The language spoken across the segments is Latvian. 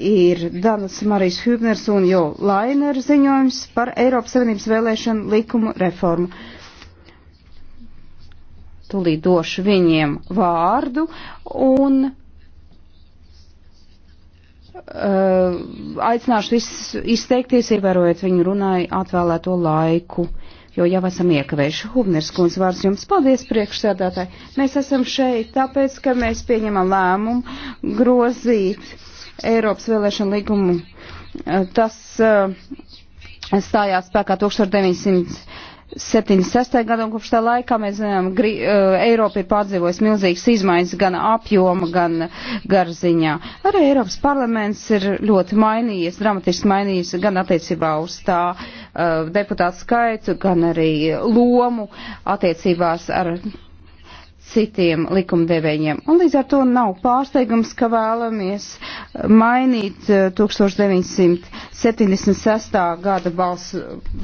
ir Danas Marijas Hübners un Jo Lainer ziņojums par Eiropas Savienības vēlēšanu likumu reformu. Tūlīt došu viņiem vārdu un uh, aicināšu visus izteikties, ievērojot viņu runāju atvēlēto laiku, jo jau esam iekavējuši. Hubners kundz vārds jums paldies priekšsēdētāji. Mēs esam šeit tāpēc, ka mēs pieņemam lēmumu grozīt Eiropas vēlēšanu līgumu. Eh, tas eh, stājās spēkā 1976. gadā, un kopš tā laikā mēs zinām, gri, eh, Eiropa ir pārdzīvojusi milzīgas izmaiņas gan apjoma, gan garziņā. Arī Eiropas parlaments ir ļoti mainījies, dramatiski mainījies gan attiecībā uz tā deputātu skaitu, gan arī lomu attiecībās ar citiem likumdevējiem. Un līdz ar to nav pārsteigums, ka vēlamies mainīt 1976. Eh, gada balsu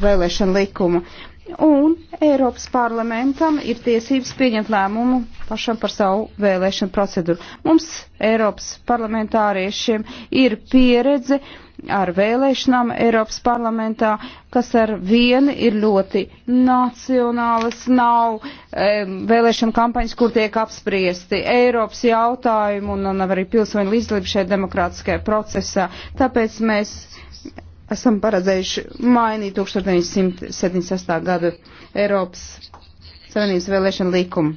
vēlēšanu likumu un Eiropas parlamentam ir tiesības pieņemt lēmumu pašam par savu vēlēšanu procedūru. Mums, Eiropas parlamentāriešiem, ir pieredze ar vēlēšanām Eiropas parlamentā, kas ar vienu ir ļoti nacionālas, nav e, vēlēšana kampaņas, kur tiek apspriesti Eiropas jautājumi un, un arī pilsoņu līdzdalība šajā demokrātiskajā procesā. Tāpēc mēs esam paredzējuši mainīt 1976. gadu Eiropas Savienības vēlēšanu likumu.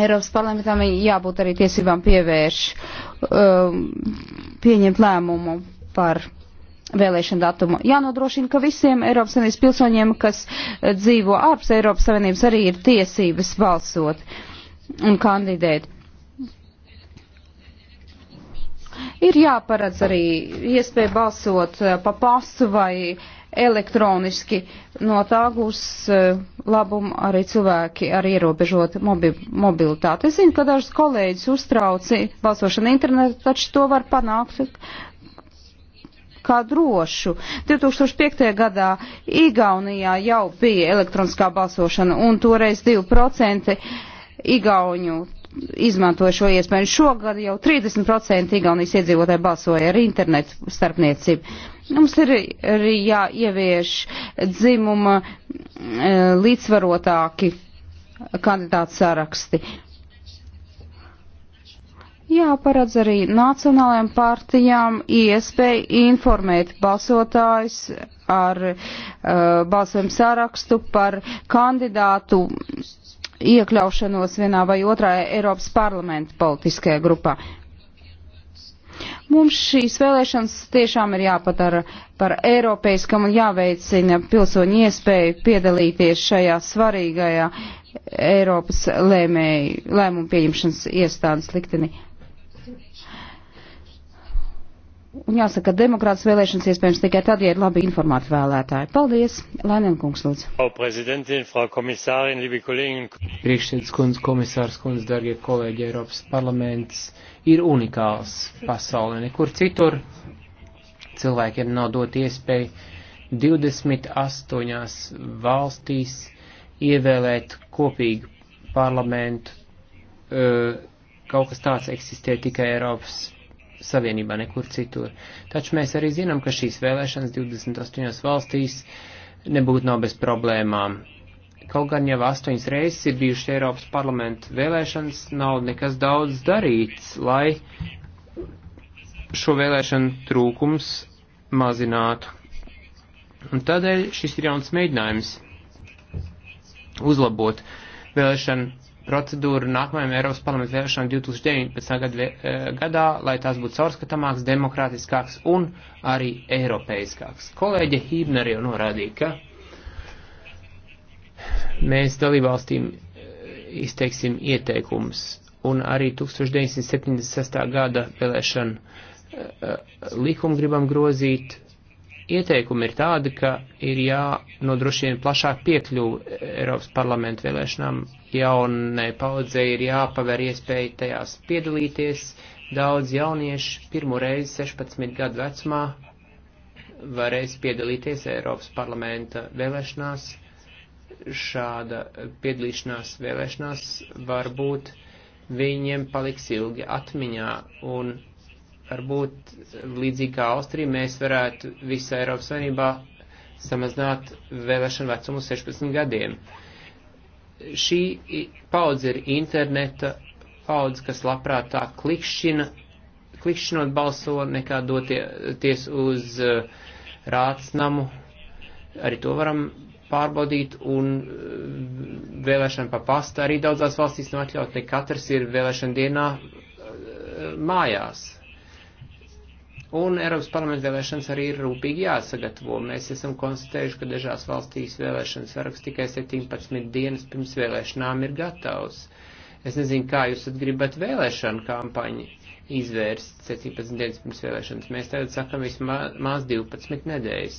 Eiropas parlamentam jābūt arī tiesībām pievērš, um, pieņemt lēmumu par vēlēšanu datumu. Jānodrošina, ka visiem Eiropas Savienības pilsoņiem, kas eh, dzīvo ārpus Eiropas Savienības, arī ir tiesības balsot un kandidēt. Ir jāparedz arī iespēja balsot eh, pa pastu vai elektroniski. No tā būs eh, labumu arī cilvēki ar ierobežotu mobi mobilitāti. Es zinu, ka dažas kolēģis uztrauci balsošanu internetu, taču to var panākt kā drošu. 2005. gadā Igaunijā jau bija elektroniskā balsošana un toreiz 2% Igauņu izmantoja šo iespēju. Šogad jau 30% Igaunijas iedzīvotāji balsoja ar internetu starpniecību. Mums ir, ir jāievieš dzimuma e, līdzsvarotāki kandidātu saraksti. Jāparedz arī nacionālajām partijām iespēja informēt balsotājus ar uh, balsojumu sarakstu par kandidātu uh, iekļaušanos vienā vai otrā Eiropas parlamenta politiskajā grupā. Mums šīs vēlēšanas tiešām ir jāpadara par eiropeiskam un jāveicina pilsoņu iespēju piedalīties šajā svarīgajā Eiropas lēmēju, lēmumu pieņemšanas iestādes liktenī jāsaka, demokrātas vēlēšanas iespējams tikai tad, ja ir labi informēti vēlētāji. Paldies, Lainēn kungs, lūdzu. Priekšsēdus kundze, komisārs kundze, dargie kolēģi, Eiropas parlaments ir unikāls pasaulē. Nekur citur cilvēkiem nav dot iespēju 28 valstīs ievēlēt kopīgu parlamentu. Eh, kaut kas tāds eksistē tikai Eiropas Savienībā, nekur citur. Taču mēs arī zinām, ka šīs vēlēšanas 28 valstīs nebūtu nav bez problēmām. Kaut gan jau astoņas reizes ir bijušas Eiropas parlamenta vēlēšanas, nav nekas daudz darīts, lai šo vēlēšanu trūkums mazinātu. Un tādēļ šis ir jauns mēģinājums uzlabot vēlēšanu procedūru nākamajām Eiropas parlamentu vēlēšanām 2019. Gada, e, gadā, lai tās būtu caurskatāmāks, demokrātiskāks un arī eiropeiskāks. Kolēģe Hībner jau norādīja, ka mēs dalībvalstīm e, izteiksim ieteikums un arī 1976. gada vēlēšanu e, likumu gribam grozīt ieteikumi ir tādi, ka ir jānodrošina plašāk piekļuvu Eiropas parlamentu vēlēšanām. Jaunai paudzei ir jāpaver iespēja tajās piedalīties. Daudz jauniešu pirmoreiz 16 gadu vecumā varēs piedalīties Eiropas parlamenta vēlēšanās. Šāda piedalīšanās vēlēšanās varbūt viņiem paliks ilgi atmiņā un varbūt līdzīgi kā Austrija, mēs varētu visā Eiropas Savienībā samazināt vēlēšanu vecumu 16 gadiem. Šī paudze ir interneta paudze, kas labprāt tā klikšķina, klikšķinot balso, nekā doties uz uh, eh, rātsnamu. Arī to varam pārbaudīt, un eh, vēlēšana pa pastu arī daudzās valstīs nav atļaut, ne katrs ir vēlēšana dienā eh, mājās. Un Eiropas parlamenta vēlēšanas arī ir rūpīgi jāsagatavo. Mēs esam konstatējuši, ka dažās valstīs vēlēšanas saraksts tikai 17 dienas pirms vēlēšanām ir gatavs. Es nezinu, kā jūs gribat vēlēšanu kampaņu izvērst 17 dienas pirms vēlēšanas. Mēs tagad sakam vismaz 12 nedēļas.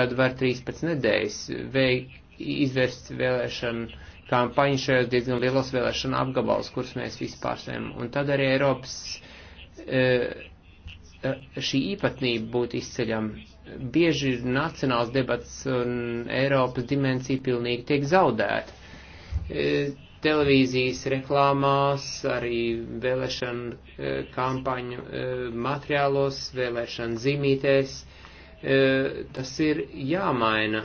Tad var 13 nedēļas veik izvērst vēlēšanu kampaņu šajos diezgan lielos vēlēšanu apgabalos, kurus mēs vispār sēm. Un tad arī Eiropas. E, Eh, šī īpatnība būtu izceļama. Bieži ir nacionāls debats un Eiropas dimensija pilnīgi tiek zaudēta. Eh, televīzijas reklāmās, arī vēlēšana eh, kampaņu materiālos, vēlēšana zīmītēs. Tas ir jāmaina.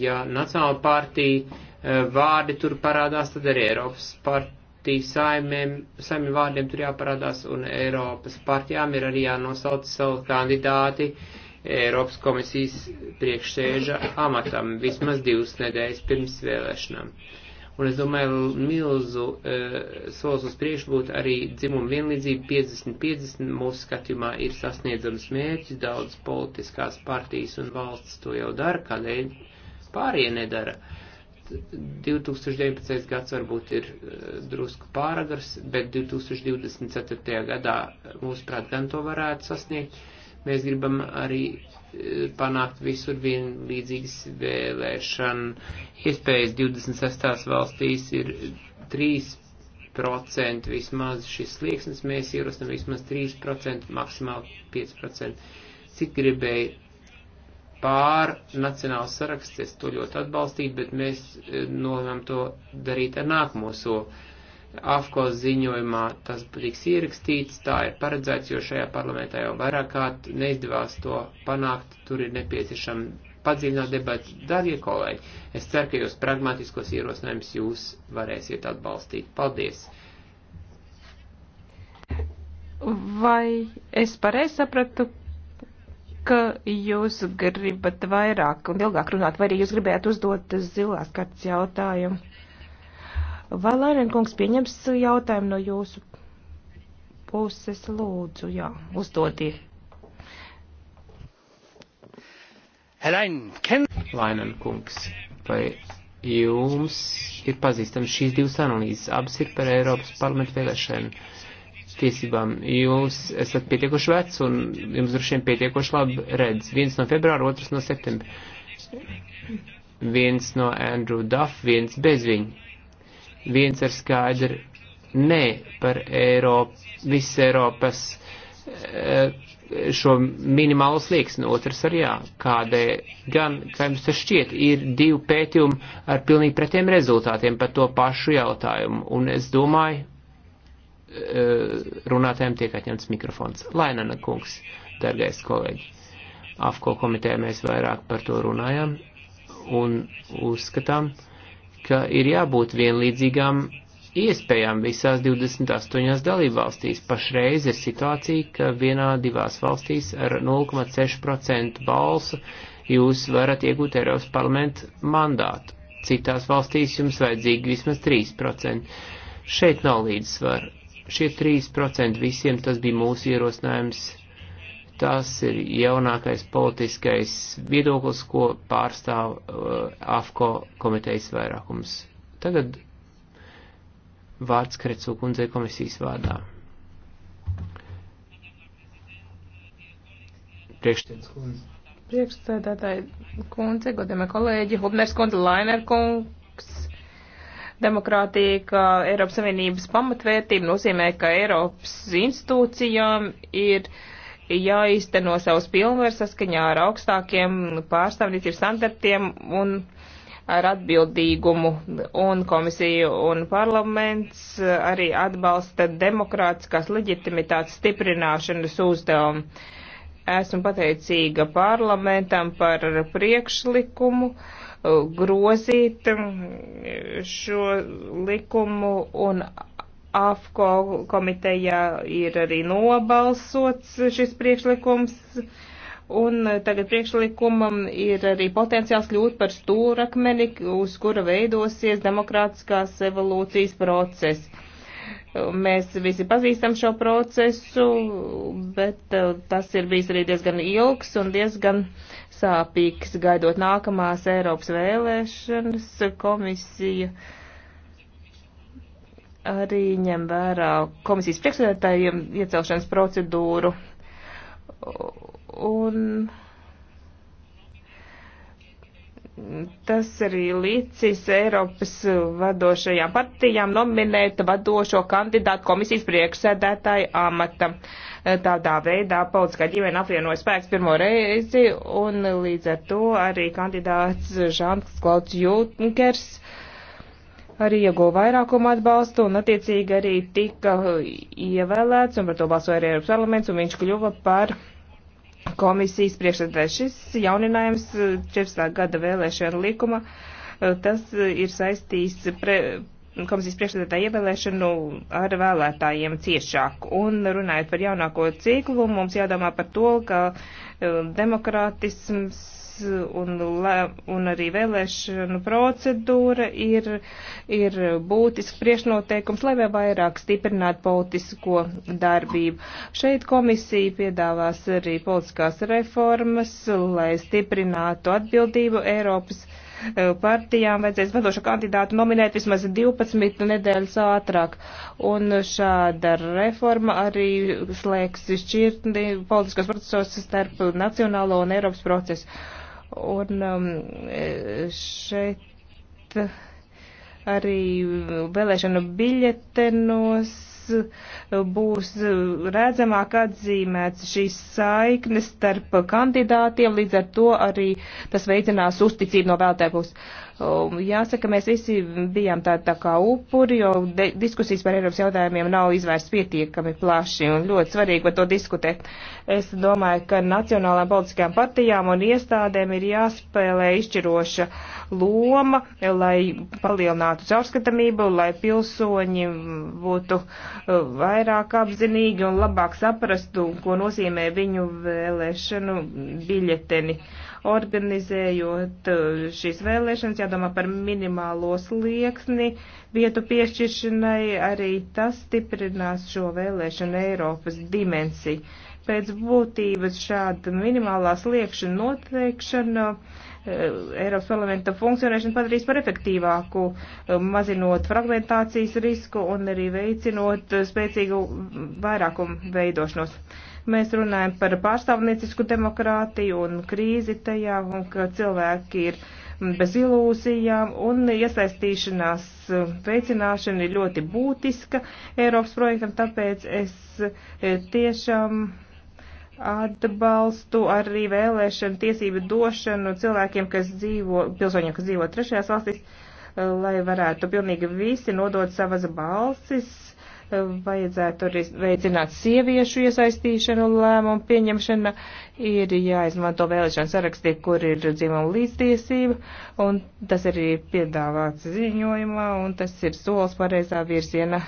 Ja Nacionāla partija vārdi tur parādās, tad arī Eiropas partija partiju saimēm, saimju vārdiem tur jāparādās, un Eiropas partijām ir arī jānosauc savu kandidāti Eiropas komisijas priekšsēža amatam vismaz divas nedēļas pirms vēlēšanām. Un es domāju, milzu e, solis uz priekšu būtu arī dzimuma vienlīdzība 50-50. Mūsu skatījumā ir sasniedzams mērķis, daudz politiskās partijas un valsts to jau dara, kādēļ pārējie nedara. E, 2019. gads varbūt ir eh, drusku pāragars, bet 2024. gadā eh, mūsuprāt gan to varētu sasniegt. Mēs gribam arī eh, panākt visur vienlīdzīgas vēlēšana. Iespējas 26. valstīs ir 3% vismaz šis slieksnis, mēs ierosinām vismaz 3%, maksimāli 5%. Cik gribēja pār nacionāls saraksts, es to ļoti atbalstītu, bet mēs eh, nolēmām to darīt ar nākamo soli. AFCO ziņojumā tas tiks ierakstīts, tā ir paredzēts, jo šajā parlamentā jau vairāk kārt neizdevās to panākt, tur ir nepieciešama padziļināt debatu. Darbie kolēģi, es ceru, ka jūs pragmatiskos ierosinājumus jūs varēsiet atbalstīt. Paldies! Vai es pareizi sapratu, ka jūs gribat vairāk un ilgāk runāt, vai arī jūs gribējāt uzdot zilās kartas jautājumu. Vai Lairenkungs pieņems jautājumu no jūsu puses, lūdzu, jā, uzdotie. Lainenkungs, vai jums ir pazīstams šīs divas analīzes? Abas ir par Eiropas parlamentu vēlēšanu tiesībām. Jūs esat pietiekuši vecs un jums droši vien pietiekuši labi redz. Viens no februāra, otrs no septembra. Viens no Andrew Duff, viens bez viņa. Viens ar skaidru nē par Eiropu, visas Eiropas eh, šo minimālo slieksni, otrs ar jā. Kādai gan, kā jums tas šķiet, ir divi pētījumi ar pilnīgi pretiem rezultātiem par to pašu jautājumu. Un es domāju, Eh, runātājiem tiek atņemts mikrofons. Lainana kungs, dargais kolēģi, AFCO komitē mēs vairāk par to runājam un uzskatām, ka ir jābūt vienlīdzīgām iespējām visās 28 dalībvalstīs. Pašreiz ir situācija, ka vienā divās valstīs ar 0,6% balsu jūs varat iegūt Eiropas parlamentu mandātu. Citās valstīs jums vajadzīgi vismaz 3%. Šeit nav līdzsvaru. Šie 3% visiem tas bija mūsu ierosinājums. Tas ir jaunākais politiskais viedoklis, ko pārstāv uh, AFCO komitejas vairākums. Tagad vārds Krecu kundze komisijas vārdā. Priekšsēdētājs kundze. Priekšsēdētāji kundze, godamie kolēģi, Hubners kundze, Lainer kundze Demokrātija, kā Eiropas Savienības pamatvērtība, nozīmē, ka Eiropas institūcijām ir jāizteno savus pilnvaru saskaņā ar augstākiem pārstāvniecības standartiem un ar atbildīgumu, un komisija un parlaments arī atbalsta demokrātiskās leģitimitātes stiprināšanas uzdevumu. Esmu pateicīga parlamentam par priekšlikumu. Uh, grozīt šo likumu un AFCO komitejā ir arī nobalsots šis priekšlikums. Un tagad priekšlikumam ir arī potenciāls kļūt par stūrakmeni, uz kura veidosies demokrātiskās evolūcijas process. Mēs visi pazīstam šo procesu, bet tas ir bijis arī diezgan ilgs un diezgan sāpīgs gaidot nākamās Eiropas vēlēšanas. Komisija arī ņem vērā komisijas priekšsēdētājiem iecelšanas procedūru. Un Tas arī licis Eiropas vadošajām partijām nominēt vadošo kandidātu komisijas priekšsēdētāju amatam. Tādā veidā politiskā ģimene apvienoja spēks pirmo reizi, un līdz ar to arī kandidāts Žants Klauds Junkers arī ieguva vairākumu atbalstu un attiecīgi arī tika ievēlēts, un par to balsoja arī Eiropas parlaments, un viņš kļuva par komisijas priekšsēdētājs. Šis jauninājums 14. Eh, gada vēlēšana likuma, eh, tas eh, ir saistīs pre, komisijas priekšsēdētāja ievēlēšanu ar vēlētājiem ciešāk. Un runājot par jaunāko ciklu, mums jādomā par to, ka demokrātisms un, un arī vēlēšanu procedūra ir, ir būtisks priešnoteikums, lai vēl vairāk stiprinātu politisko darbību. Šeit komisija piedāvās arī politiskās reformas, lai stiprinātu atbildību Eiropas e, partijām vajadzēs vadošo kandidātu nominēt vismaz 12 nedēļas ātrāk. Un šāda reforma arī slēgs šķirtni politiskos procesos starp nacionālo un Eiropas procesu. Un um, šeit arī vēlēšanu biļetenos būs redzamāk atzīmēts šīs saiknes starp kandidātiem, līdz ar to arī tas veicinās uzticību no vēlētāju puses. Um, jāsaka, mēs visi bijām tādi tā kā upuri, jo diskusijas par Eiropas jautājumiem nav izvērsts pietiekami plaši un ļoti svarīgi par to diskutēt. Es domāju, ka nacionālām politiskajām partijām un iestādēm ir jāspēlē izšķiroša loma, lai palielinātu caurskatamību, lai pilsoņi būtu uh, vairāk apzinīgi un labāk saprastu, ko nozīmē viņu vēlēšanu biļeteni. Uh, organizējot eh, šīs vēlēšanas, jādomā par minimālo slieksni vietu piešķiršanai, arī tas stiprinās šo vēlēšanu Eiropas dimensiju. Pēc būtības šāda minimālā sliekšņa noteikšana eh, Eiropas parlamenta funkcionēšanu padarīs par efektīvāku, eh, mazinot fragmentācijas risku un arī veicinot spēcīgu vairākumu veidošanos. Mēs runājam par pārstāvniecisku demokrātiju un krīzi tajā, un ka cilvēki ir bez ilūzijām, un iesaistīšanās eh, veicināšana ir ļoti būtiska Eiropas projektam, tāpēc es eh, tiešām atbalstu arī vēlēšanu tiesību došanu cilvēkiem, kas dzīvo, pilsoņiem, kas dzīvo trešajās valstīs, eh, lai varētu pilnīgi visi nodot savas balsis vajadzētu arī veicināt sieviešu iesaistīšanu lēmumu pieņemšana, ir jāizmanto vēlēšana sarakstī, kur ir dzimuma līdztiesība, un tas arī ir piedāvāts ziņojumā, un tas ir solis pareizā virziena.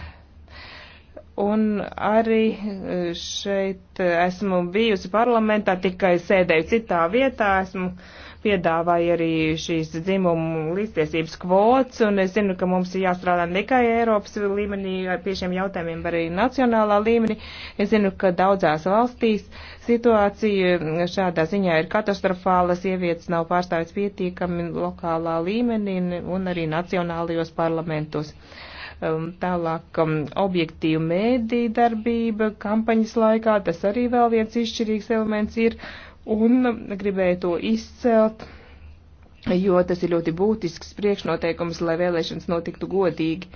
Un arī e, šeit e, esmu bijusi parlamentā, tikai sēdēju citā vietā, esmu uh, piedāvāja arī šīs dzimumu līdztiesības kvots, un es zinu, ka mums ir jāstrādā ne tikai Eiropas līmenī pie šiem jautājumiem, bet arī nacionālā līmenī. Es zinu, ka daudzās valstīs situācija šādā ziņā ir katastrofāla, sievietes nav pārstāvēts pietiekami lokālā līmenī un arī nacionālajos parlamentos um, tālāk um, objektīva mēdī darbība kampaņas laikā, tas arī vēl viens izšķirīgs elements ir. Uh, un gribēju to izcelt, jo tas ir ļoti būtisks priekšnoteikums, lai vēlēšanas notiktu godīgi.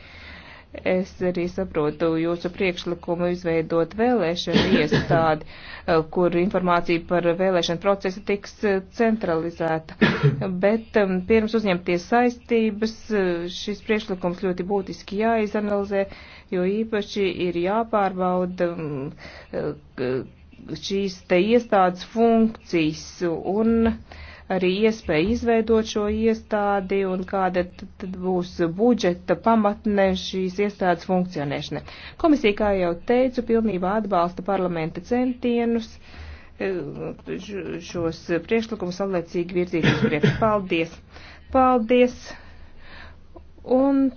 Es arī saprotu jūsu priekšlikumu izveidot vēlēšanu iestādi, kur informācija par vēlēšanu procesu tiks eh, centralizēta. Bet um, pirms uzņemties saistības, eh, šis priekšlikums ļoti būtiski jāizanalizē, jo īpaši ir jāpārbauda, um, eh, šīs te iestādes funkcijas un arī iespēja izveidot šo iestādi un kāda tad būs budžeta pamatne šīs iestādes funkcionēšana. Komisija, kā jau teicu, pilnībā atbalsta parlamenta centienus e, šos priekšlikumus saulēcīgi virzīt uz priekšu. Paldies! Paldies! Un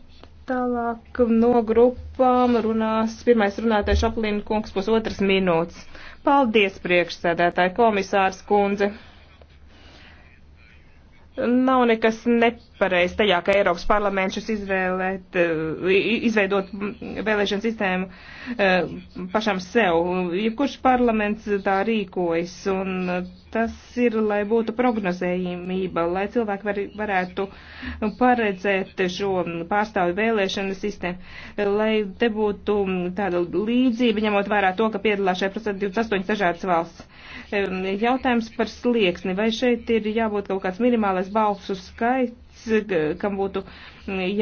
Tālāk no grupām runās pirmais runātais Šaplīna kungs pusotras minūtes. Paldies, priekšsēdētāji komisārs kundze! Nav nekas nepareizs tajā, ka Eiropas parlaments šis izvēlēt, izveidot vēlēšanu sistēmu eh, pašam sev. Jebkurš parlaments tā rīkojas, un tas ir, lai būtu prognozējumība, lai cilvēki var, varētu paredzēt šo pārstāvju vēlēšanu sistēmu, lai te būtu tāda līdzība, ņemot vērā to, ka piedalās šajā procesā 28 dažādas valsts Jautājums par slieksni. Vai šeit ir jābūt kaut kāds minimālais balsu skaits, kam būtu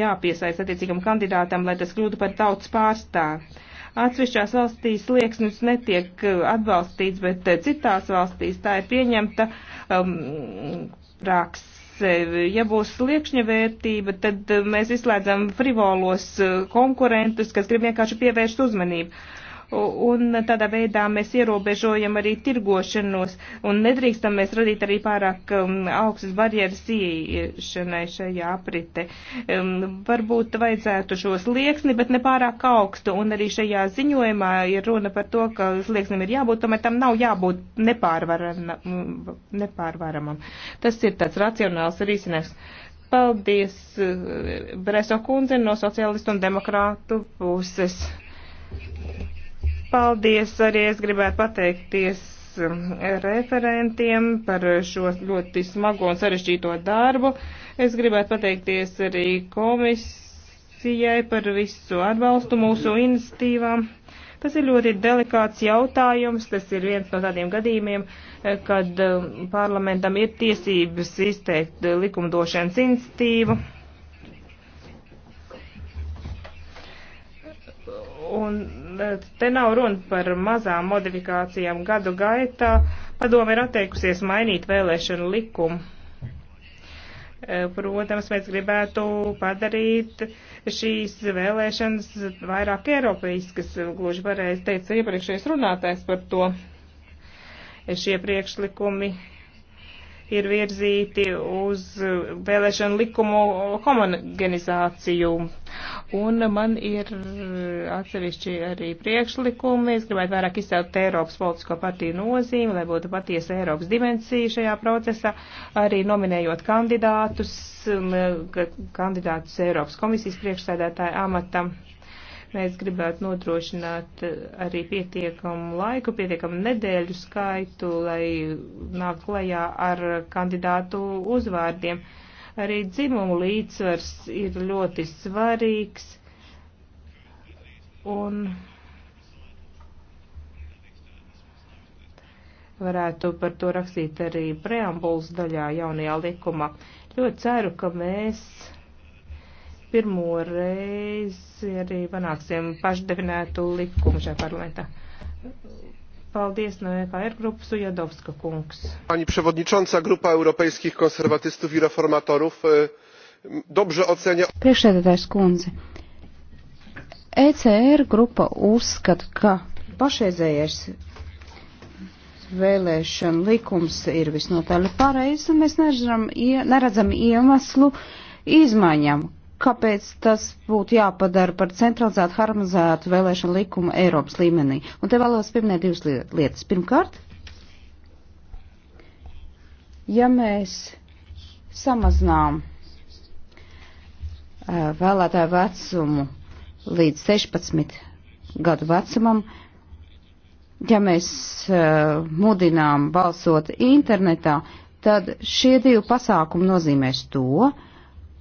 jāpiesaist attiecīgam kandidātam, lai tas kļūtu par tautas pārstāvu? atsevišķās valstīs liekas netiek e, atbalstīts, bet e, citās valstīs tā ir pieņemta um, praksa. Ja būs sliekšņa vērtība, tad e, mēs izslēdzam frivolos konkurentus, kas grib vienkārši pievērst uzmanību. Uh, un tādā veidā mēs ierobežojam arī tirgošanos un nedrīkstam mēs radīt arī pārāk um, augstas barjeras ieiešanai šajā aprite. Um, varbūt vajadzētu šo slieksni, bet ne pārāk augstu, un arī šajā ziņojumā ir runa par to, ka slieksnim ir jābūt, tomēr tam nav jābūt mm, nepārvaramam. Tas ir tāds racionāls risinājums. Paldies, uh, Breso kundze no sociālistu un demokrātu puses. Paldies arī es gribētu pateikties um, referentiem par šo ļoti smago un sarežģīto darbu. Es gribētu pateikties arī komisijai par visu atbalstu mūsu iniciatīvām. Tas ir ļoti delikāts jautājums. Tas ir viens no tādiem gadījumiem, eh, kad um, parlamentam ir tiesības izteikt eh, likumdošanas institīvu. Un te nav runa par mazām modifikācijām gadu gaitā. Padomi ir atteikusies mainīt vēlēšanu likumu. E, protams, mēs gribētu padarīt šīs vēlēšanas vairāk eiropeiskas, gluži pareizi teica iepriekšējais runātājs par to. E, šie priekšlikumi ir virzīti uz vēlēšanu likumu homogenizāciju. Un man ir atsevišķi arī priekšlikumi. Es gribētu vairāk izcelt Eiropas politisko partiju nozīmi, lai būtu patiesa Eiropas dimensija šajā procesā, arī nominējot kandidātus, kandidātus Eiropas komisijas priekšsēdētāju amatam. Mēs gribētu nodrošināt eh, arī pietiekamu laiku, pietiekamu nedēļu skaitu, lai nāk klajā ar kandidātu uzvārdiem. Arī dzimumu līdzsvars ir ļoti svarīgs. Un varētu par to rakstīt arī preambulas daļā jaunajā likumā. Ļoti ceru, ka mēs pirmo reizi arī panāksim pašdefinētu likumu šajā parlamentā. Paldies no EKR grupas Ujadovska kungs. Pani przewodnicząca grupa europejskich konserwatystów i reformatorów e, dobrze ocenia. Priekšsēdētājs kundze. ECR grupa uzskata, ka pašreizējais vēlēšana likums ir visnotaļ pareizs, un mēs neredzam, ie, neredzam iemeslu izmaiņam, kāpēc tas būtu jāpadara par centralizētu, harmonizētu vēlēšanu likumu Eiropas līmenī. Un te vēlos pieminēt divas lietas. Pirmkārt, ja mēs samazinām vēlētāju vecumu līdz 16 gadu vecumam, ja mēs uh, mudinām balsot internetā, tad šie divi pasākumi nozīmēs to,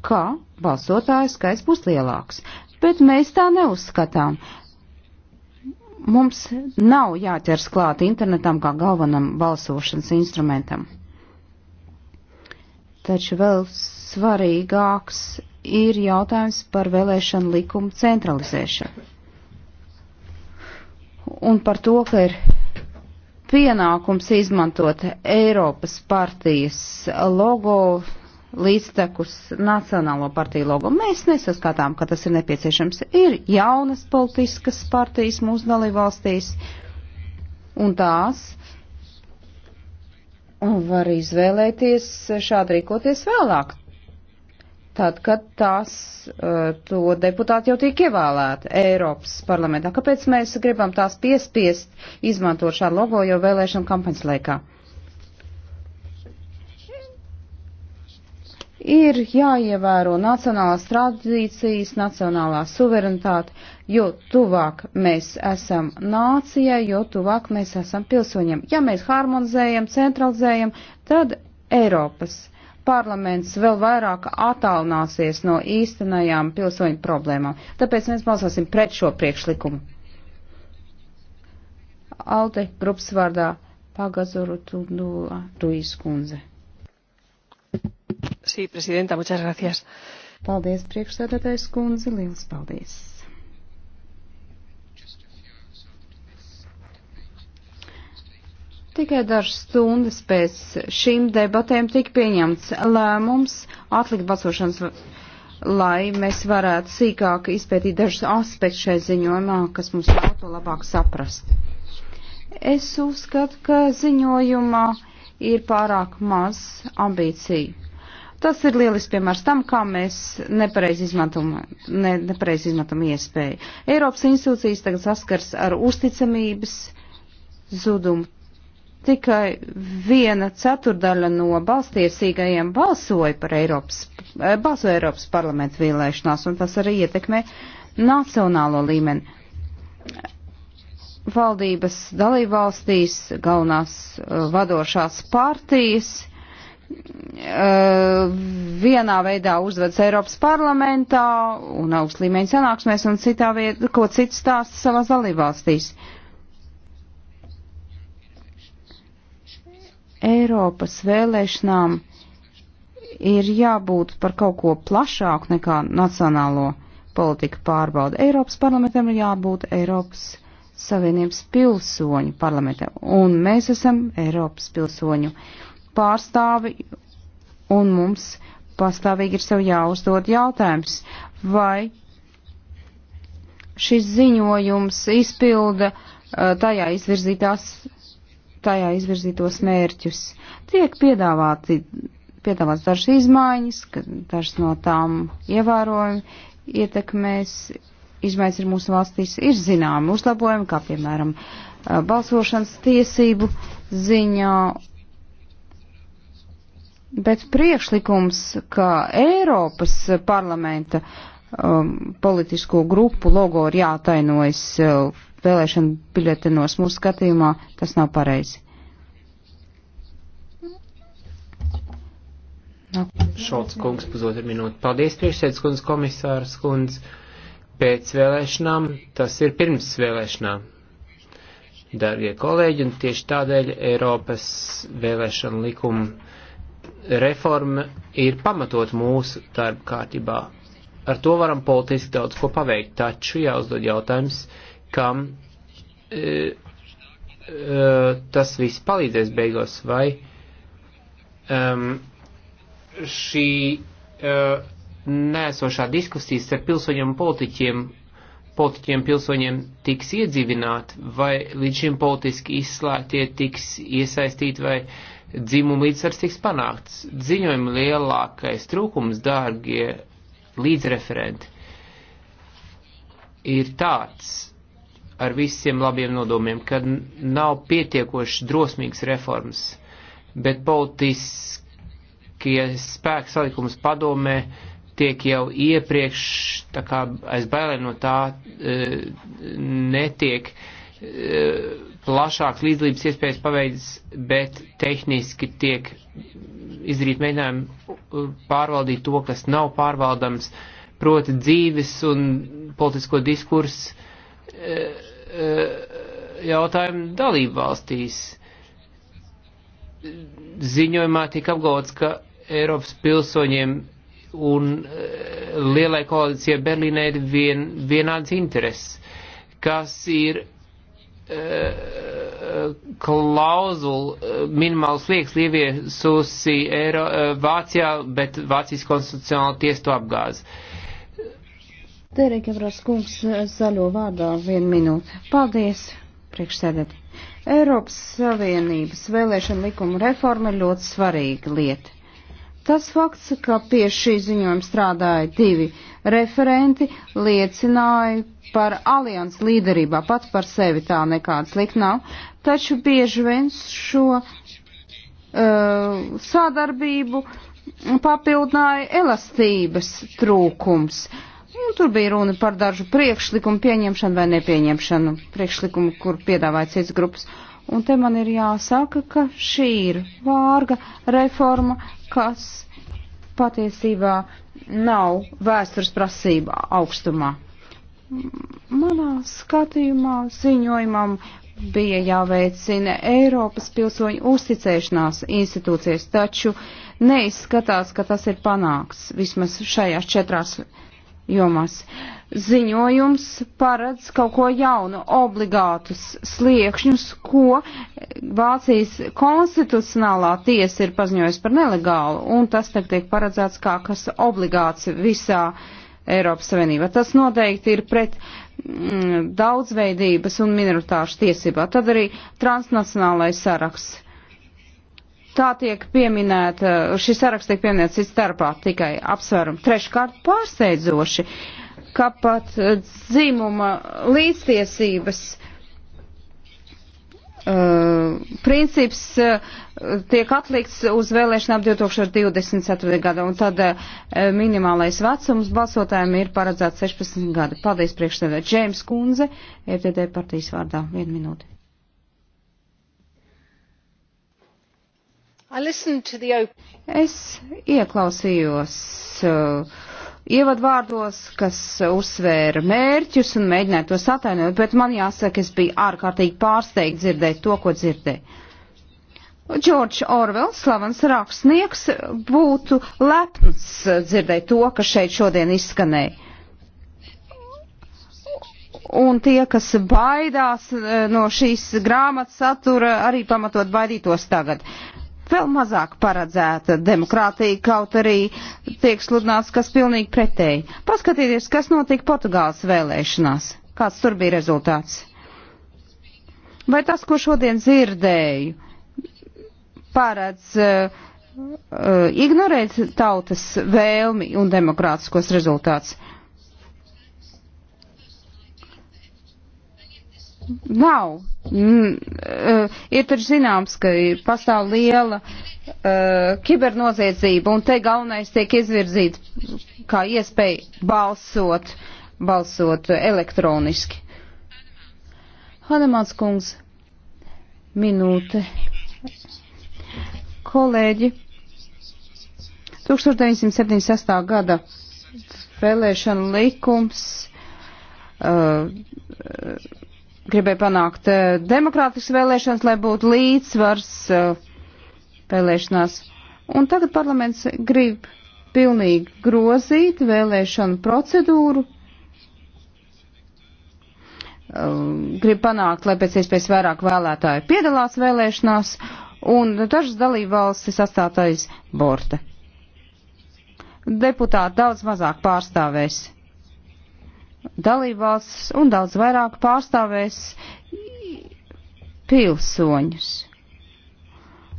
ka balsotāju skaits būs lielāks. Bet mēs tā neuzskatām. Mums nav jāķers klāt internetam kā galvenam balsošanas instrumentam. Taču vēl svarīgāks ir jautājums par vēlēšanu likumu centralizēšanu. Un par to, ka ir pienākums izmantot Eiropas partijas logo līdztekus Nacionālo partiju logo. Mēs nesaskatām, ka tas ir nepieciešams. Ir jaunas politiskas partijas mūsu dalībvalstīs, un tās un var izvēlēties šādi rīkoties vēlāk. Tad, kad tās eh, to deputāti jau tiek ievēlēti Eiropas parlamentā, kāpēc mēs gribam tās piespiest izmantot šādu logo jau vēlēšanu kampaņas laikā? ir jāievēro nacionālās tradīcijas, nacionālā suverenitāte, jo tuvāk mēs esam nācijai, jo tuvāk mēs esam pilsoņiem. Ja mēs harmonizējam, centralizējam, tad Eiropas parlaments vēl vairāk attālināsies no īstenajām pilsoņu problēmām. Tāpēc mēs balsosim pret šo priekšlikumu. Alde grupas vārdā Pagazuru Tundula Ruiz kundze. Sí, prezidenta, muchas gracias. Paldies, priekšsēdētājs kundze, liels paldies. Tikai dažas stundas pēc šīm debatēm tika pieņemts lēmums atlikt balsošanas, lai mēs varētu sīkāk izpētīt dažus aspektus šai ziņojumā, kas mums ļautu labāk saprast. Es uzskatu, ka ziņojumā ir pārāk maz ambīciju Tas ir lielisks piemērs tam, kā mēs nepareizi izmantojam, ne, nepareiz izmantojam iespēju. Eiropas institūcijas tagad saskars ar uzticamības zudumu. Tikai viena ceturdaļa no balstiesīgajiem balsoja par Eiropas, eh, balsoja Eiropas parlamentu vēlēšanās, un tas arī ietekmē nacionālo līmeni. Valdības dalībvalstīs galvenās eh, vadošās partijas Eh, vienā veidā uzvedas Eiropas parlamentā un augst līmeņa sanāksmēs un citā vietā, ko cits stāsta savās dalībvalstīs. Eiropas vēlēšanām ir jābūt par kaut ko plašāku nekā nacionālo politiku pārbauda. Eiropas parlamentam ir jābūt Eiropas Savienības pilsoņu parlamentam, un mēs esam Eiropas pilsoņu uh, pārstāvi, un mums pastāvīgi ir sev jāuzdod jautājums, vai šis ziņojums izpilda uh, tajā izvirzītās, tajā izvirzītos mērķus. Tiek piedāvāti, piedāvāts dažas izmaiņas, ka dažas no tām ievērojumi ietekmēs, izmaiņas ir mūsu valstīs, ir zināmi uzlabojumi, kā piemēram uh, balsošanas tiesību ziņā Bet priekšlikums, ka Eiropas parlamenta um, politisko grupu logo ir jātainojas uh, vēlēšanu biļetenos mūsu skatījumā, tas nav pareizi. Šolts kungs, pusotru minūti. Paldies, priekšsēdus kundz, komisārs kundz. Pēc vēlēšanām, tas ir pirms vēlēšanām. Darbie kolēģi, un tieši tādēļ Eiropas vēlēšana likuma reforma ir pamatot mūsu darba kārtībā. Ar to varam politiski daudz ko paveikt, taču jāuzdod jautājums, kam e, e, tas viss palīdzēs beigās, vai um, šī e, nēsošā diskusijas ar pilsoņiem un politiķiem, politiķiem pilsoņiem tiks iedzīvināt, vai līdz šim politiski izslēgtie tiks iesaistīti, vai uh, dzimuma līdzsvars tiks panākts. Ziņojuma lielākais trūkums, dārgie līdzreferenti, ir tāds ar visiem labiem nodomiem, ka nav pietiekoši drosmīgas reformas, bet politiskie spēku salikums padomē tiek jau iepriekš, tā kā aiz bailē no tā, e, netiek e, plašāks līdzlības iespējas paveicis, bet tehniski tiek izdarīt mēģinājumi pārvaldīt to, kas nav pārvaldams, proti dzīves un politisko diskursu e, e, jautājumu dalību valstīs. Ziņojumā tika apgalvots, ka Eiropas pilsoņiem un e, lielai koalīcijai Berlīnē ir vien, vienāds intereses kas ir E, e, klauzulu e, minimālu slieksli ieviesusi Eiro, Vācijā, bet Vācijas konstitucionāla tiesa to apgāza. Derek Evras kungs zaļo vārdā vienu minūti. Paldies, priekšsēdēt. Eiropas Savienības vēlēšana likuma reforma ir ļoti svarīga lieta. Tas fakts, ka pie šī ziņojuma strādāja divi referenti liecināja par alianses līderībā, pats par sevi tā nekāds likt nav, taču bieži vien šo uh, sadarbību papildināja elastības trūkums. Un nu, tur bija runa par dažu priekšlikumu pieņemšanu vai nepieņemšanu, priekšlikumu, kur piedāvāja cits grupas. Un te man ir jāsaka, ka šī ir vārga reforma, kas patiesībā nav vēstures prasība augstumā. Manā skatījumā ziņojumam bija jāveicina Eiropas pilsoņu uzticēšanās institūcijas, taču neizskatās, ka tas ir panāks vismaz šajās četrās jomās. Ziņojums paredz kaut ko jaunu, obligātus sliekšņus, ko Vācijas konstitucionālā tiesa ir paziņojusi par nelegālu, un tas tagad tiek paredzēts kā kas obligāts visā Eiropas Savienībā. Tas noteikti ir pret mm, daudzveidības un minoritāšu tiesībā. Tad arī transnacionālais saraksts Tā tiek pieminēta, eh, šis saraksts tiek pieminēts cits starpā tikai apsvērumu. Treškārt pārsteidzoši, ka pat eh, dzimuma līdztiesības Uh, princips uh, tiek atlikts uz vēlēšanām 2024. gada, un tad uh, minimālais vecums balsotājiem ir paredzēts 16 gadi. Paldies priekšsēdē. Džēms Kunze, FDD partijas vārdā. Vienu minūti. Es ieklausījos uh, ievadvārdos, kas uzsvēra mērķus un mēģināja tos atainot, bet man jāsaka, es biju ārkārtīgi pārsteigts dzirdēt to, ko dzirdēju. Džordžs Orvels, slavens rakstnieks, būtu lepns dzirdēt to, kas šeit šodien izskanēja. Un tie, kas baidās uh, no šīs grāmatas satura, arī pamatot baidītos tagad vēl mazāk paredzēta demokrātija, kaut arī tiek sludināts, kas pilnīgi pretēji. Paskatieties, kas notika Portugāles vēlēšanās. Kāds tur bija rezultāts? Vai tas, ko šodien dzirdēju, paredz uh, uh, ignorēt tautas vēlmi un demokrātiskos rezultātus? Nav. Mm, uh, ir taču zināms, ka pastāv liela uh, kibernoziedzība, un te galvenais tiek izvirzīt kā iespēja balsot, balsot elektroniski. Hanemāts kungs, minūte. Kolēģi, 1976. gada vēlēšana likums. Uh, uh gribēja panākt eh, demokrātiskas vēlēšanas, lai būtu līdzsvars eh, vēlēšanās. Un tagad parlaments grib pilnīgi grozīt vēlēšanu procedūru, eh, grib panākt, lai pēc iespējas vairāk vēlētāju piedalās vēlēšanās, un dažas dalībvalstis atstātais borte. Deputāti daudz mazāk pārstāvēs dalībvalstis un daudz vairāk pārstāvēs pilsoņus.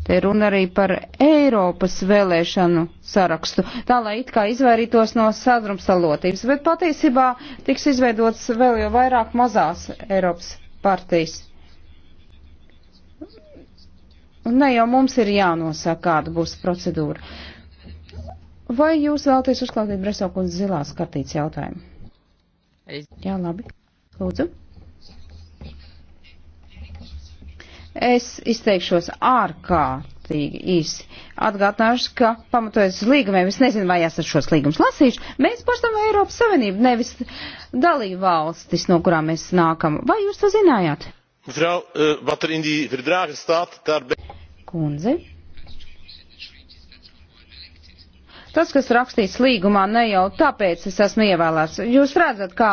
Te runa arī par Eiropas vēlēšanu sarakstu, tā lai it kā izvairītos no sadrumstalotības, bet patiesībā tiks izveidots vēl jau vairāk mazās Eiropas partijas. Un ne jau mums ir jānosaka, kāda būs procedūra. Vai jūs vēlaties uzklausīt Bresokundas zilās kartītes jautājumu? Jā, labi. Lūdzu. Es izteikšos ārkārtīgi īsi. Atgādināšu, ka pamatojas uz līgumiem, es nezinu, vai esat šos līgumus lasījuši, mēs pārstāvam Eiropas Savienību, nevis dalību valstis, no kurām mēs nākam. Vai jūs to zinājāt? Mevrouw, uh, wat er in die verdragen staat, daar ben... Kundze, Tas, kas rakstīts līgumā, ne jau tāpēc es esmu ievēlēts. Jūs redzat, kā,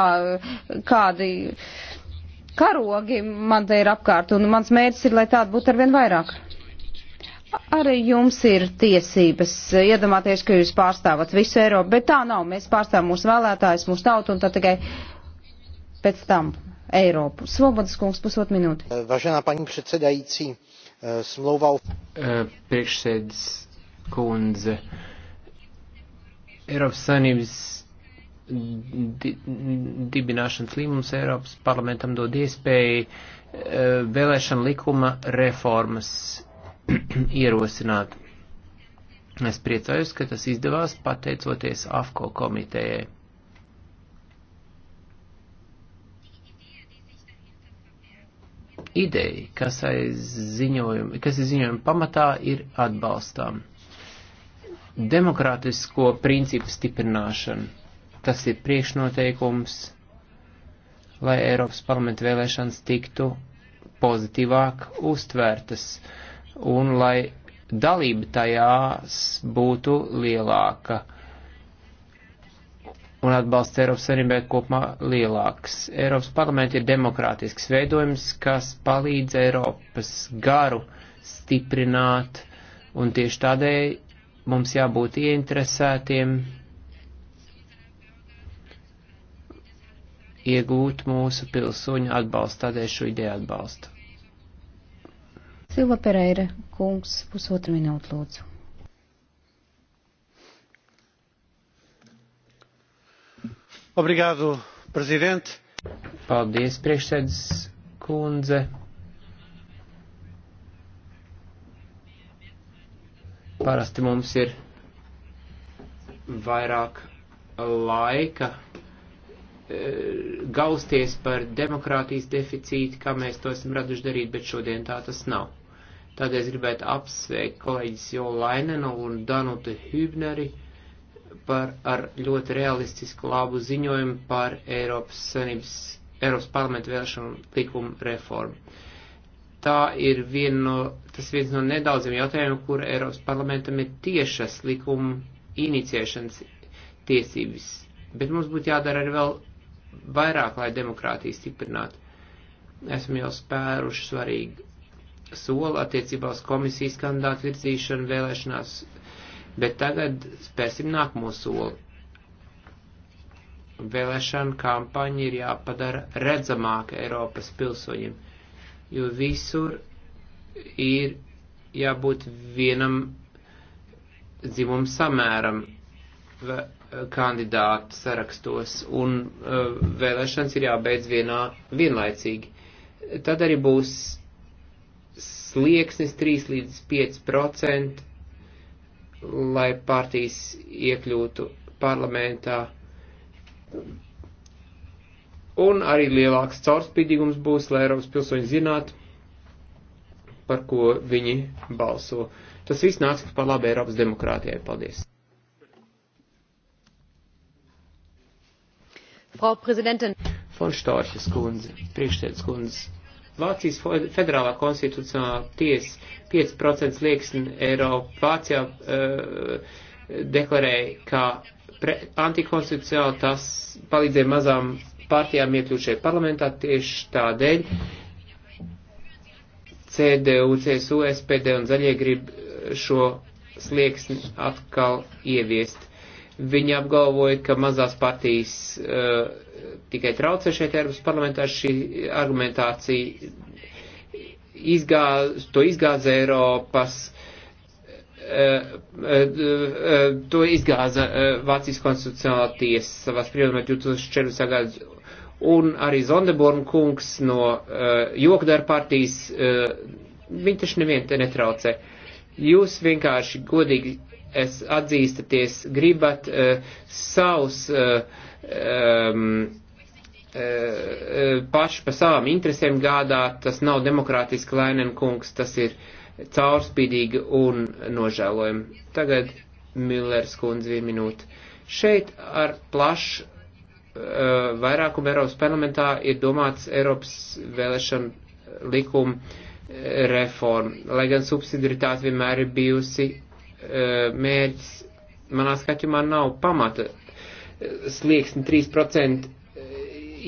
kādi karogi man te ir apkārt, un mans mērķis ir, lai tādu būtu arvien vairāk. Arī jums ir tiesības iedomāties, ka jūs pārstāvat visu Eiropu, bet tā nav. Mēs pārstāvam mūsu vēlētājus, mūsu tautu, un tad tikai pēc tam Eiropu. Svobodas kungs, pusot minūti. Važenā paņi predsedājīcī, e, smlouvā. E, priekšsēdis kundze. Uh, Eiropas Savienības di dibināšanas līgums Eiropas parlamentam dod iespēju e, vēlēšana likuma reformas ierosināt. Es priecājos, ka tas izdevās pateicoties AFCO komitejai. Ideja, kas, ziņojumi, kas ir ziņojuma pamatā, ir atbalstām demokrātisko principu stiprināšanu. Tas ir priekšnoteikums, lai Eiropas parlamenta vēlēšanas tiktu pozitīvāk uztvērtas un lai dalība tajās būtu lielāka un atbalsts Eiropas Savienībai kopumā lielāks. Eiropas parlamenta ir demokrātisks veidojums, kas palīdz Eiropas garu stiprināt, un tieši tādēļ Mums jābūt ieinteresētiem iegūt mūsu pilsoņu atbalstu, tādēļ šo ideju atbalstu. Silva Pereira, kungs, pusotru minūtu lūdzu. Obrigado, prezident. Paldies, priekšsēdz kundze. Parasti mums ir vairāk laika e, gausties par demokrātijas deficīti, kā mēs to esam raduši darīt, bet šodien tā tas nav. Tādēļ es gribētu apsveikt kolēģis Jolainenu un Danutu Hübneri par ar ļoti realistisku labu ziņojumu par Eiropas, sanības, Eiropas parlamentu vēlšanu likumu reformu tā ir viena no, tas viens no nedaudziem jautājumiem, kur Eiropas parlamentam ir tiešas likuma iniciēšanas tiesības. Bet mums būtu jādara arī vēl vairāk, lai demokrātiju stiprinātu. Esam jau spēruši svarīgu soli attiecībā uz komisijas kandidātu virzīšanu vēlēšanās, bet tagad spēsim nākamo soli. Vēlēšana kampaņa ir jāpadara redzamāka Eiropas pilsoņiem jo visur ir jābūt vienam dzimumu samēram kandidātu sarakstos, un uh, vēlēšanas ir jābeidz vienā vienlaicīgi. Tad arī būs slieksnis 3 līdz 5 procenti, lai partijas iekļūtu parlamentā Un arī lielāks caurspīdīgums būs, lai Eiropas pilsoņi zinātu, par ko viņi balso. Tas viss nāks par labu Eiropas demokrātijai. Paldies! Frau Präsidentin! Von Storches kundze, priekšsēdus kundze. Vācijas federālā konstitucionālā tiesa 5% lieksni eiro Vācijā uh, deklarēja, ka antikonstitucionāli tas palīdzēja mazām partijām iekļūt šeit parlamentā tieši tādēļ CDU, CSU, SPD un zaļie grib šo slieksni atkal ieviest. Viņi apgalvoja, ka mazās partijas uh, tikai traucē šeit Eiropas parlamentā šī argumentācija izgāz, to izgāza Eiropas uh, Uh, uh, uh, to izgāza uh, Vācijas konstitucionālā tiesa savā spriedumā 2014. gada un arī Zondeborna kungs no uh, Jokdara partijas, uh, eh, viņi taču nevienu te netraucē. Jūs vienkārši godīgi es atzīstaties, gribat uh, savus uh, um, uh, paši pa savām interesēm gādāt, tas nav demokrātiski Lainen kungs, tas ir caurspīdīgi un nožēlojami. Tagad Millers kundze vienu minūti. Šeit ar plašu Eh, vairākumu Eiropas parlamentā ir domāts Eiropas vēlēšanu eh, likuma eh, reforma, lai gan subsidiaritāte vienmēr ir bijusi mērķis. Manā skatījumā nav pamata slieksni 3%